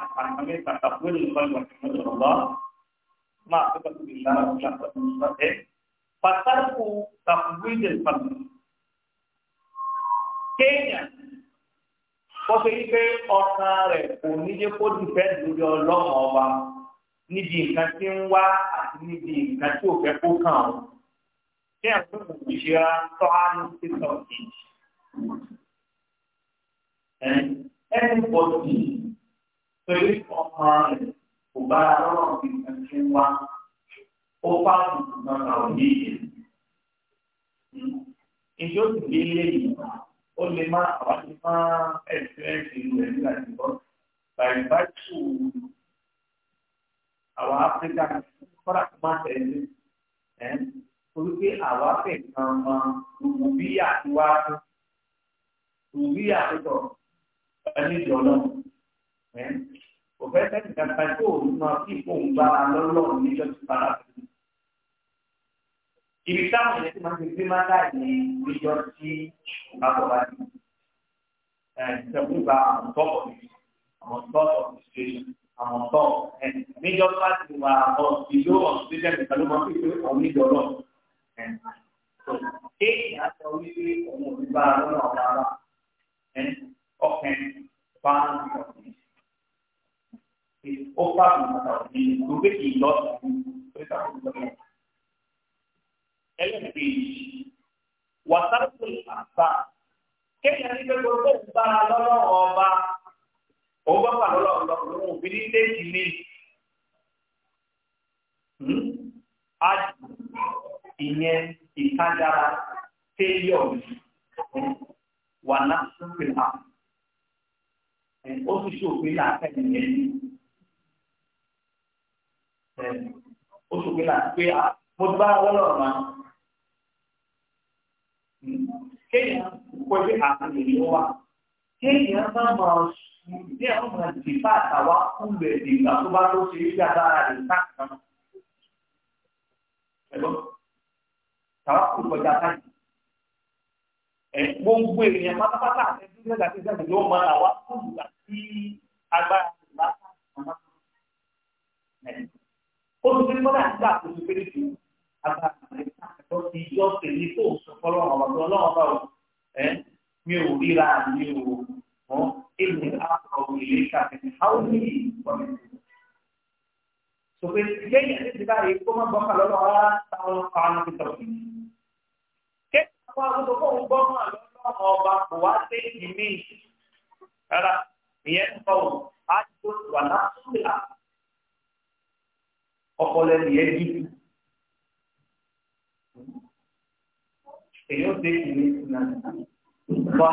Akamame tatapul kal rahmatullah. Ma tatabul billah wa tatabul Fatarku tafwid al-fadl kéèyàn kó fi wípé ọkàn rẹ̀ kò ní jẹ́ kó dùfẹ́ lórí ọlọ́mọ ọba níbi nǹkan tí ń wá àti níbi nǹkan tí ò fẹ́ kó kàn ọ́. Ṣé àwọn kò fi ṣe ra tọ́ àánú sí sọ̀tì? Ẹni pọ̀ sí pẹ̀lú ọkàn rẹ̀ kò bá lọ́rọ̀ bí nǹkan tí ń wá. Ó fáwọn nǹkan kàwé yìí. Ìjọ́sìn lé lé yìí ó lè má àwọn ti má ẹ̀fẹ́ẹ̀sì ìlú ẹ̀ nígbà tí wọ́n bàyì bá tù àwọn áfíríkà kọ́dà kó má tẹ̀lé ẹ̀ torí pé àwọn afẹ́ẹ̀kan mọ gbogbo bí àtiwá tó gbogbo bí àtúntọ̀ ẹni jọ ẹ̀ òfẹ́ sẹ́yìn kankan tó o máa fi ìfowópamọ́ lọ́lọ́run níjọ́ ti padà sí i ibi táwọn èèyàn ti máa ń fi gbé máta ní ìjọ tí bá bọ̀ bá ní ìṣẹ́gun gba àwọn tọ́pọ̀ níbi àwọn tọ́pọ̀ situation àwọn tọ́pọ̀ ẹ̀ níjọ́ bá ti wà àwọn ìlú ọ̀sùn tó jẹ́ nìkan ló máa ń fi pé òun níjọ náà ẹ̀ kéèyàn sọ wípé òun ò ní bá a lọ́nà ọ̀la wa ẹ̀ ọ̀kẹ́ bá ń sọ ó fà mí ọ̀sán ní ìlú pé kì í lọ́sàn-án pé káwọn ìjọba ẹlẹ́ẹ̀kejì wàtàkùn àgbà kéèyàn ní pé gbogbo ìgbàlá lọ́wọ́ ọba òun bá wà lọ́wọ́ ọlọ́run òbí ní déètì ní àjù ìyẹn ìkájára tẹ́lẹ̀ wà lásán fìlà ó sì nìyẹn ó mo bá wọ́n lọ́rùn náà. kéèyàn pẹ̀lú máa mọ̀ ní ọmọ ìdìbò àtàwọn kúlẹ̀ ìgbà tó tó ṣe é dáadáa rẹ̀ sáà ẹ̀gbọ́n tàwa kò kọjá báyìí pátápátá àti àti máa agbára ó fi pé ní ti agbára ó ti yọ tèmi tó sọfọlọ ọmọ tó náà bá o ẹ mi ò ríra mi ò mọ èmi àpò ilé kàtẹ́kẹ́ how many wọ́n sọfẹ lẹ́yìn àti ti báyìí kó má gbọ́kàn lọ́wọ́ rárá táwọn fáwọn ti sọ sí. kéèkó àwọn tó kó ń gbọ́kàn lọ́wọ́ ọba kò wá sí ìmí rárá ìyẹn ń bọ̀ á tó wà láti sílẹ̀ ọpọlọ ẹni yẹn dìbò. èyí ó ṣe é ní ìsìnà wá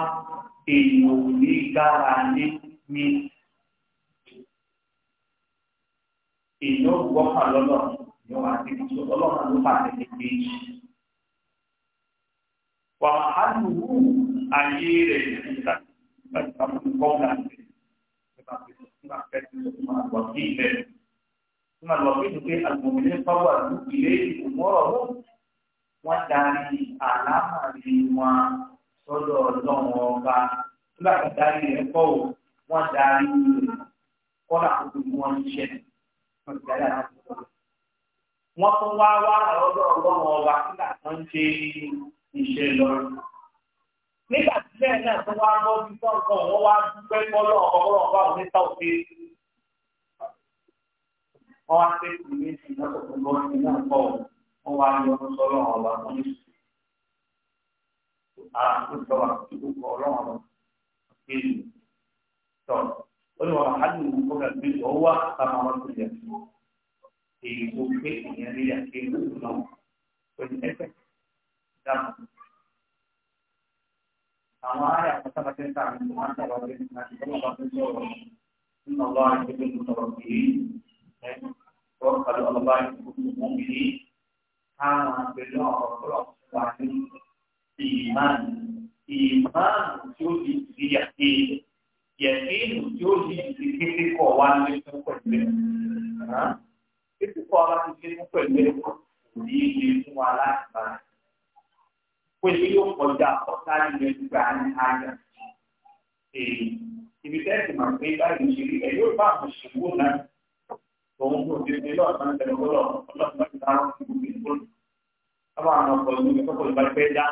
èèyàn ò ní gára ní mi èèyàn ò gbọ́kàn lọ́lọ́ ni wọ́n ti fi sọ ọlọ́run ló pàṣẹ ní méjì wàhálù ayé rẹ̀ nígbà láti bá fún kọ́ńdà rẹ̀ nígbà tó nígbà fẹ́ tó máa wà sí ilẹ̀ nígbà lọ́ọ́ fi dùn pé àgbọ̀n mi ní àdúgbò ilé ìmọ̀ràn náà wọ́n darí àlámàrí wọn sọ́dọ̀ ọlọ́run ọba nígbà tó darí rẹ̀ pọ̀ o wọ́n darí kọ́lá gbogbo wọn ṣiṣẹ́ wọ́n ti darí àlámàrí wọn. wọ́n tún wá wá lọ́dọ̀ ọlọ́run ọba nígbà tó ń ṣe iṣẹ́ lọ. nígbà tí bẹ́ẹ̀ náà tó wá bọ́ bí tọ́ǹkan wọ́n wá dúpẹ́ kọ́lọ́ ọ̀rọ̀ ọba òní táwọn wọ́n wá pé kùnú ìsìn náà tó ń bọ́ sí náà pọ̀ wọ́n wá ní ọdún sọ́lọ́ ọba wọn ní ara tó jọba tó kọ ọlọ́run ọba pé tọ́ ó ní wọn máa hádùn ìwọ̀n kọ́kà pé ọ wá sábà wọn tó yẹ kí èyí kò pé ìyẹn rí àti èyí tó náà pẹ̀lú ẹsẹ̀ dáhùn. Àwọn ará àkọsábà tẹ́ sáà ní wọ́n sábà tẹ́ sáà ní wọ́n sábà tẹ́ sọ̀rọ̀ nínú ọlọ́run tó tó sọ̀rọ̀ kìí ẹ̀ wọ́n kàlọ́ ọlọ́ba ìfowópamọ́ kìí káwọn àgbẹ̀lẹ̀ ọ̀rọ̀ wà ní ìmáàmù ìmáàmù tí ó di ti yàtí yàtíìnù tí ó di ti kété kọ̀ wá ní fún pẹ̀lú kété kọ̀ wá ti fún pẹ̀lú kò ní ilé fún wa láti bá a pèsè yóò kọjá ọ̀tá ilé gbà ní ayé ibi tẹ́sí màá pé báyìí ṣe rí ẹ̀ yóò bá àwọn ṣòwò náà òun kò ti di lọ́ọ̀tà ń tẹ̀lé kọ́lọ̀ ọlọ́ọ̀tà bá ti dá ìlú ìlú. Báwo àwọn ọkọ̀ ìlú ní kọ́kọ́ ìbá fẹ́ dá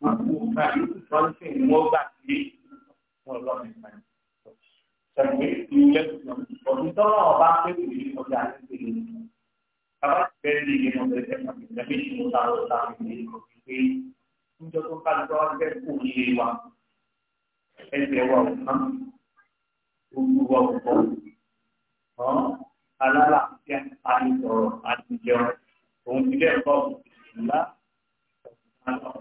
wọn kú ká ìlú wọn sì ní wọ́n gbà sí wọn lọ sí ìgbà yẹn. Ṣèpè ìyẹn ọ̀sùn tọ́lọ̀ ọba pé kò ní ọjà àti ìgbè Bàbá ti bẹ́ẹ̀ alálàáfíà àti sọ̀rọ̀ àti jẹun dia ti bẹ́ẹ̀ kọ́ ìlà ọ̀sán dua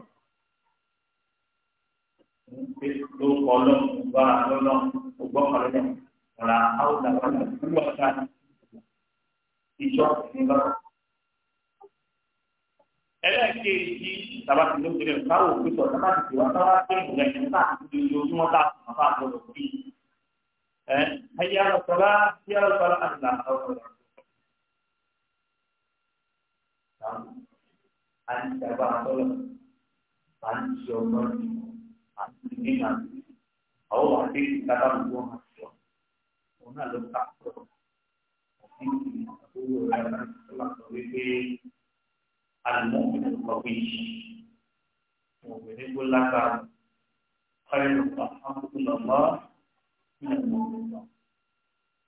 kọ́ dua gbá kalau ọgbọ́n kan dua ọ̀la áwùdà lọ́nà gbúgbà ọ̀sán ìjọ ìgbà. ẹlẹ́ẹ̀kejì tabati ló kéré káwọ́ òkú sọ̀tàbàtì tí wọ́n tábà pé ìrẹ̀lẹ̀ nípa àti ojoojúmọ́ tá a sọ̀rọ̀ fáà lọ́dọ̀ حي على الصلاة حي على الصلاة أهلا أنت بعض أنت يومك أنت منك أو أعطيك كلام دون أشياء هنا لم تحصل المؤمن القوي مؤمن يقول لك خير الله الحمد لله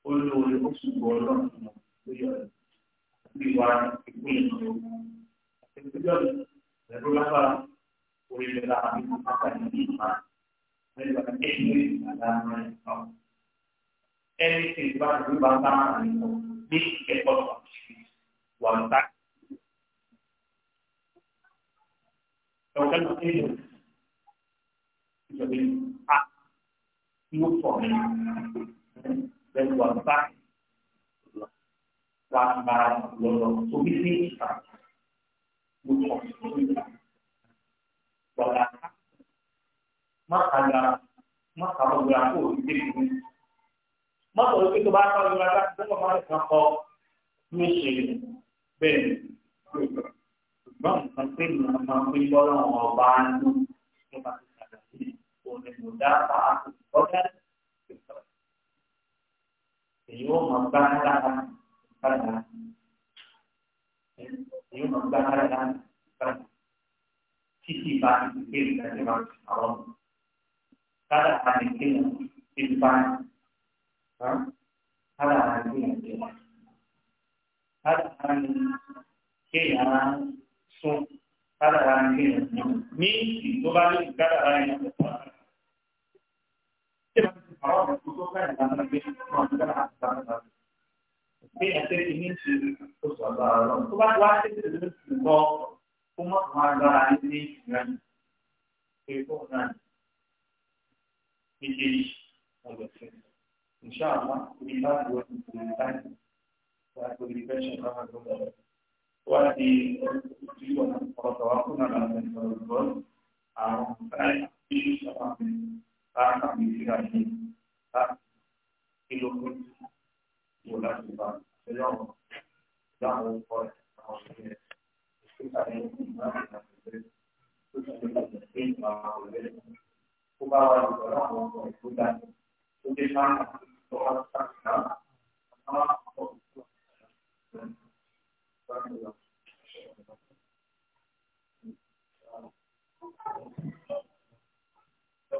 olórí oṣù bọ́ọ̀lù ọ̀nà lóyọ̀ ìwà ìpín ìpínlẹ̀ ẹ̀rọ lábára orílẹ̀ láàbí látàrí ìgbà nígbà ẹ̀yìn ìgbàlámà ìgbà. ẹni tí ìgbà tó bá bá àrùn ní ẹ̀kọ́ wà tá. ọ̀gá ló ń bẹ̀rẹ̀ ìjọba ìgbà you for me. Then one back, one back, one So we see each other. You for me. But I have má kàwọn ìgbà kó o dé ìlú. má sọ̀rọ̀ pé tó bá kọ́ ìgbà ká tó kọ́ máa kàn kọ́ ní ṣe bẹ́ẹ̀ ni. ṣùgbọ́n nǹkan pé nǹkan máa ń pín bọ́lá ọba ń lò ومدافعة القدر في يوم الظهر فرنا في يوم الظهر فرنا sisi paling kecil dari Imam Allah. Kada paling kecil sisi paling, kada paling kecil, kada paling kecil sun, kada paling kecil. Ni itu balik kada paling kecil àwọn ọ̀dọ́ tó fẹ́ ìdáná gbé wọn ti dáná àti dáná dáná. Pé ẹ̀sẹ̀ ti ní ti oṣù àgbára lọ. Tó bá wá sí ìdílé tó ti gbọ́, ó mọ̀ fún agbára ní ní ìrìn pé kó náà méjèèjì ọ̀dọ̀ sí. Ìṣá àwọn ibi láti wọ́n ti kò ní láti láti orí fẹ́ṣẹ̀ náà ló lọ. Wọ́n ti ìlú ọ̀pọ̀lọpọ̀ wá fún àwọn àgbẹ̀ àwọn ọ̀pọ̀lọpọ̀ àwọn ìṣúṣọ́ àwọn àgbẹ̀ tá? Que loucura. Jogar de baixo. Melhor não. Dá um fora. Dá um fora. Escutaremos. O valor do coração, cuidado. O deixar o lado sagrado, a nossa Thank you.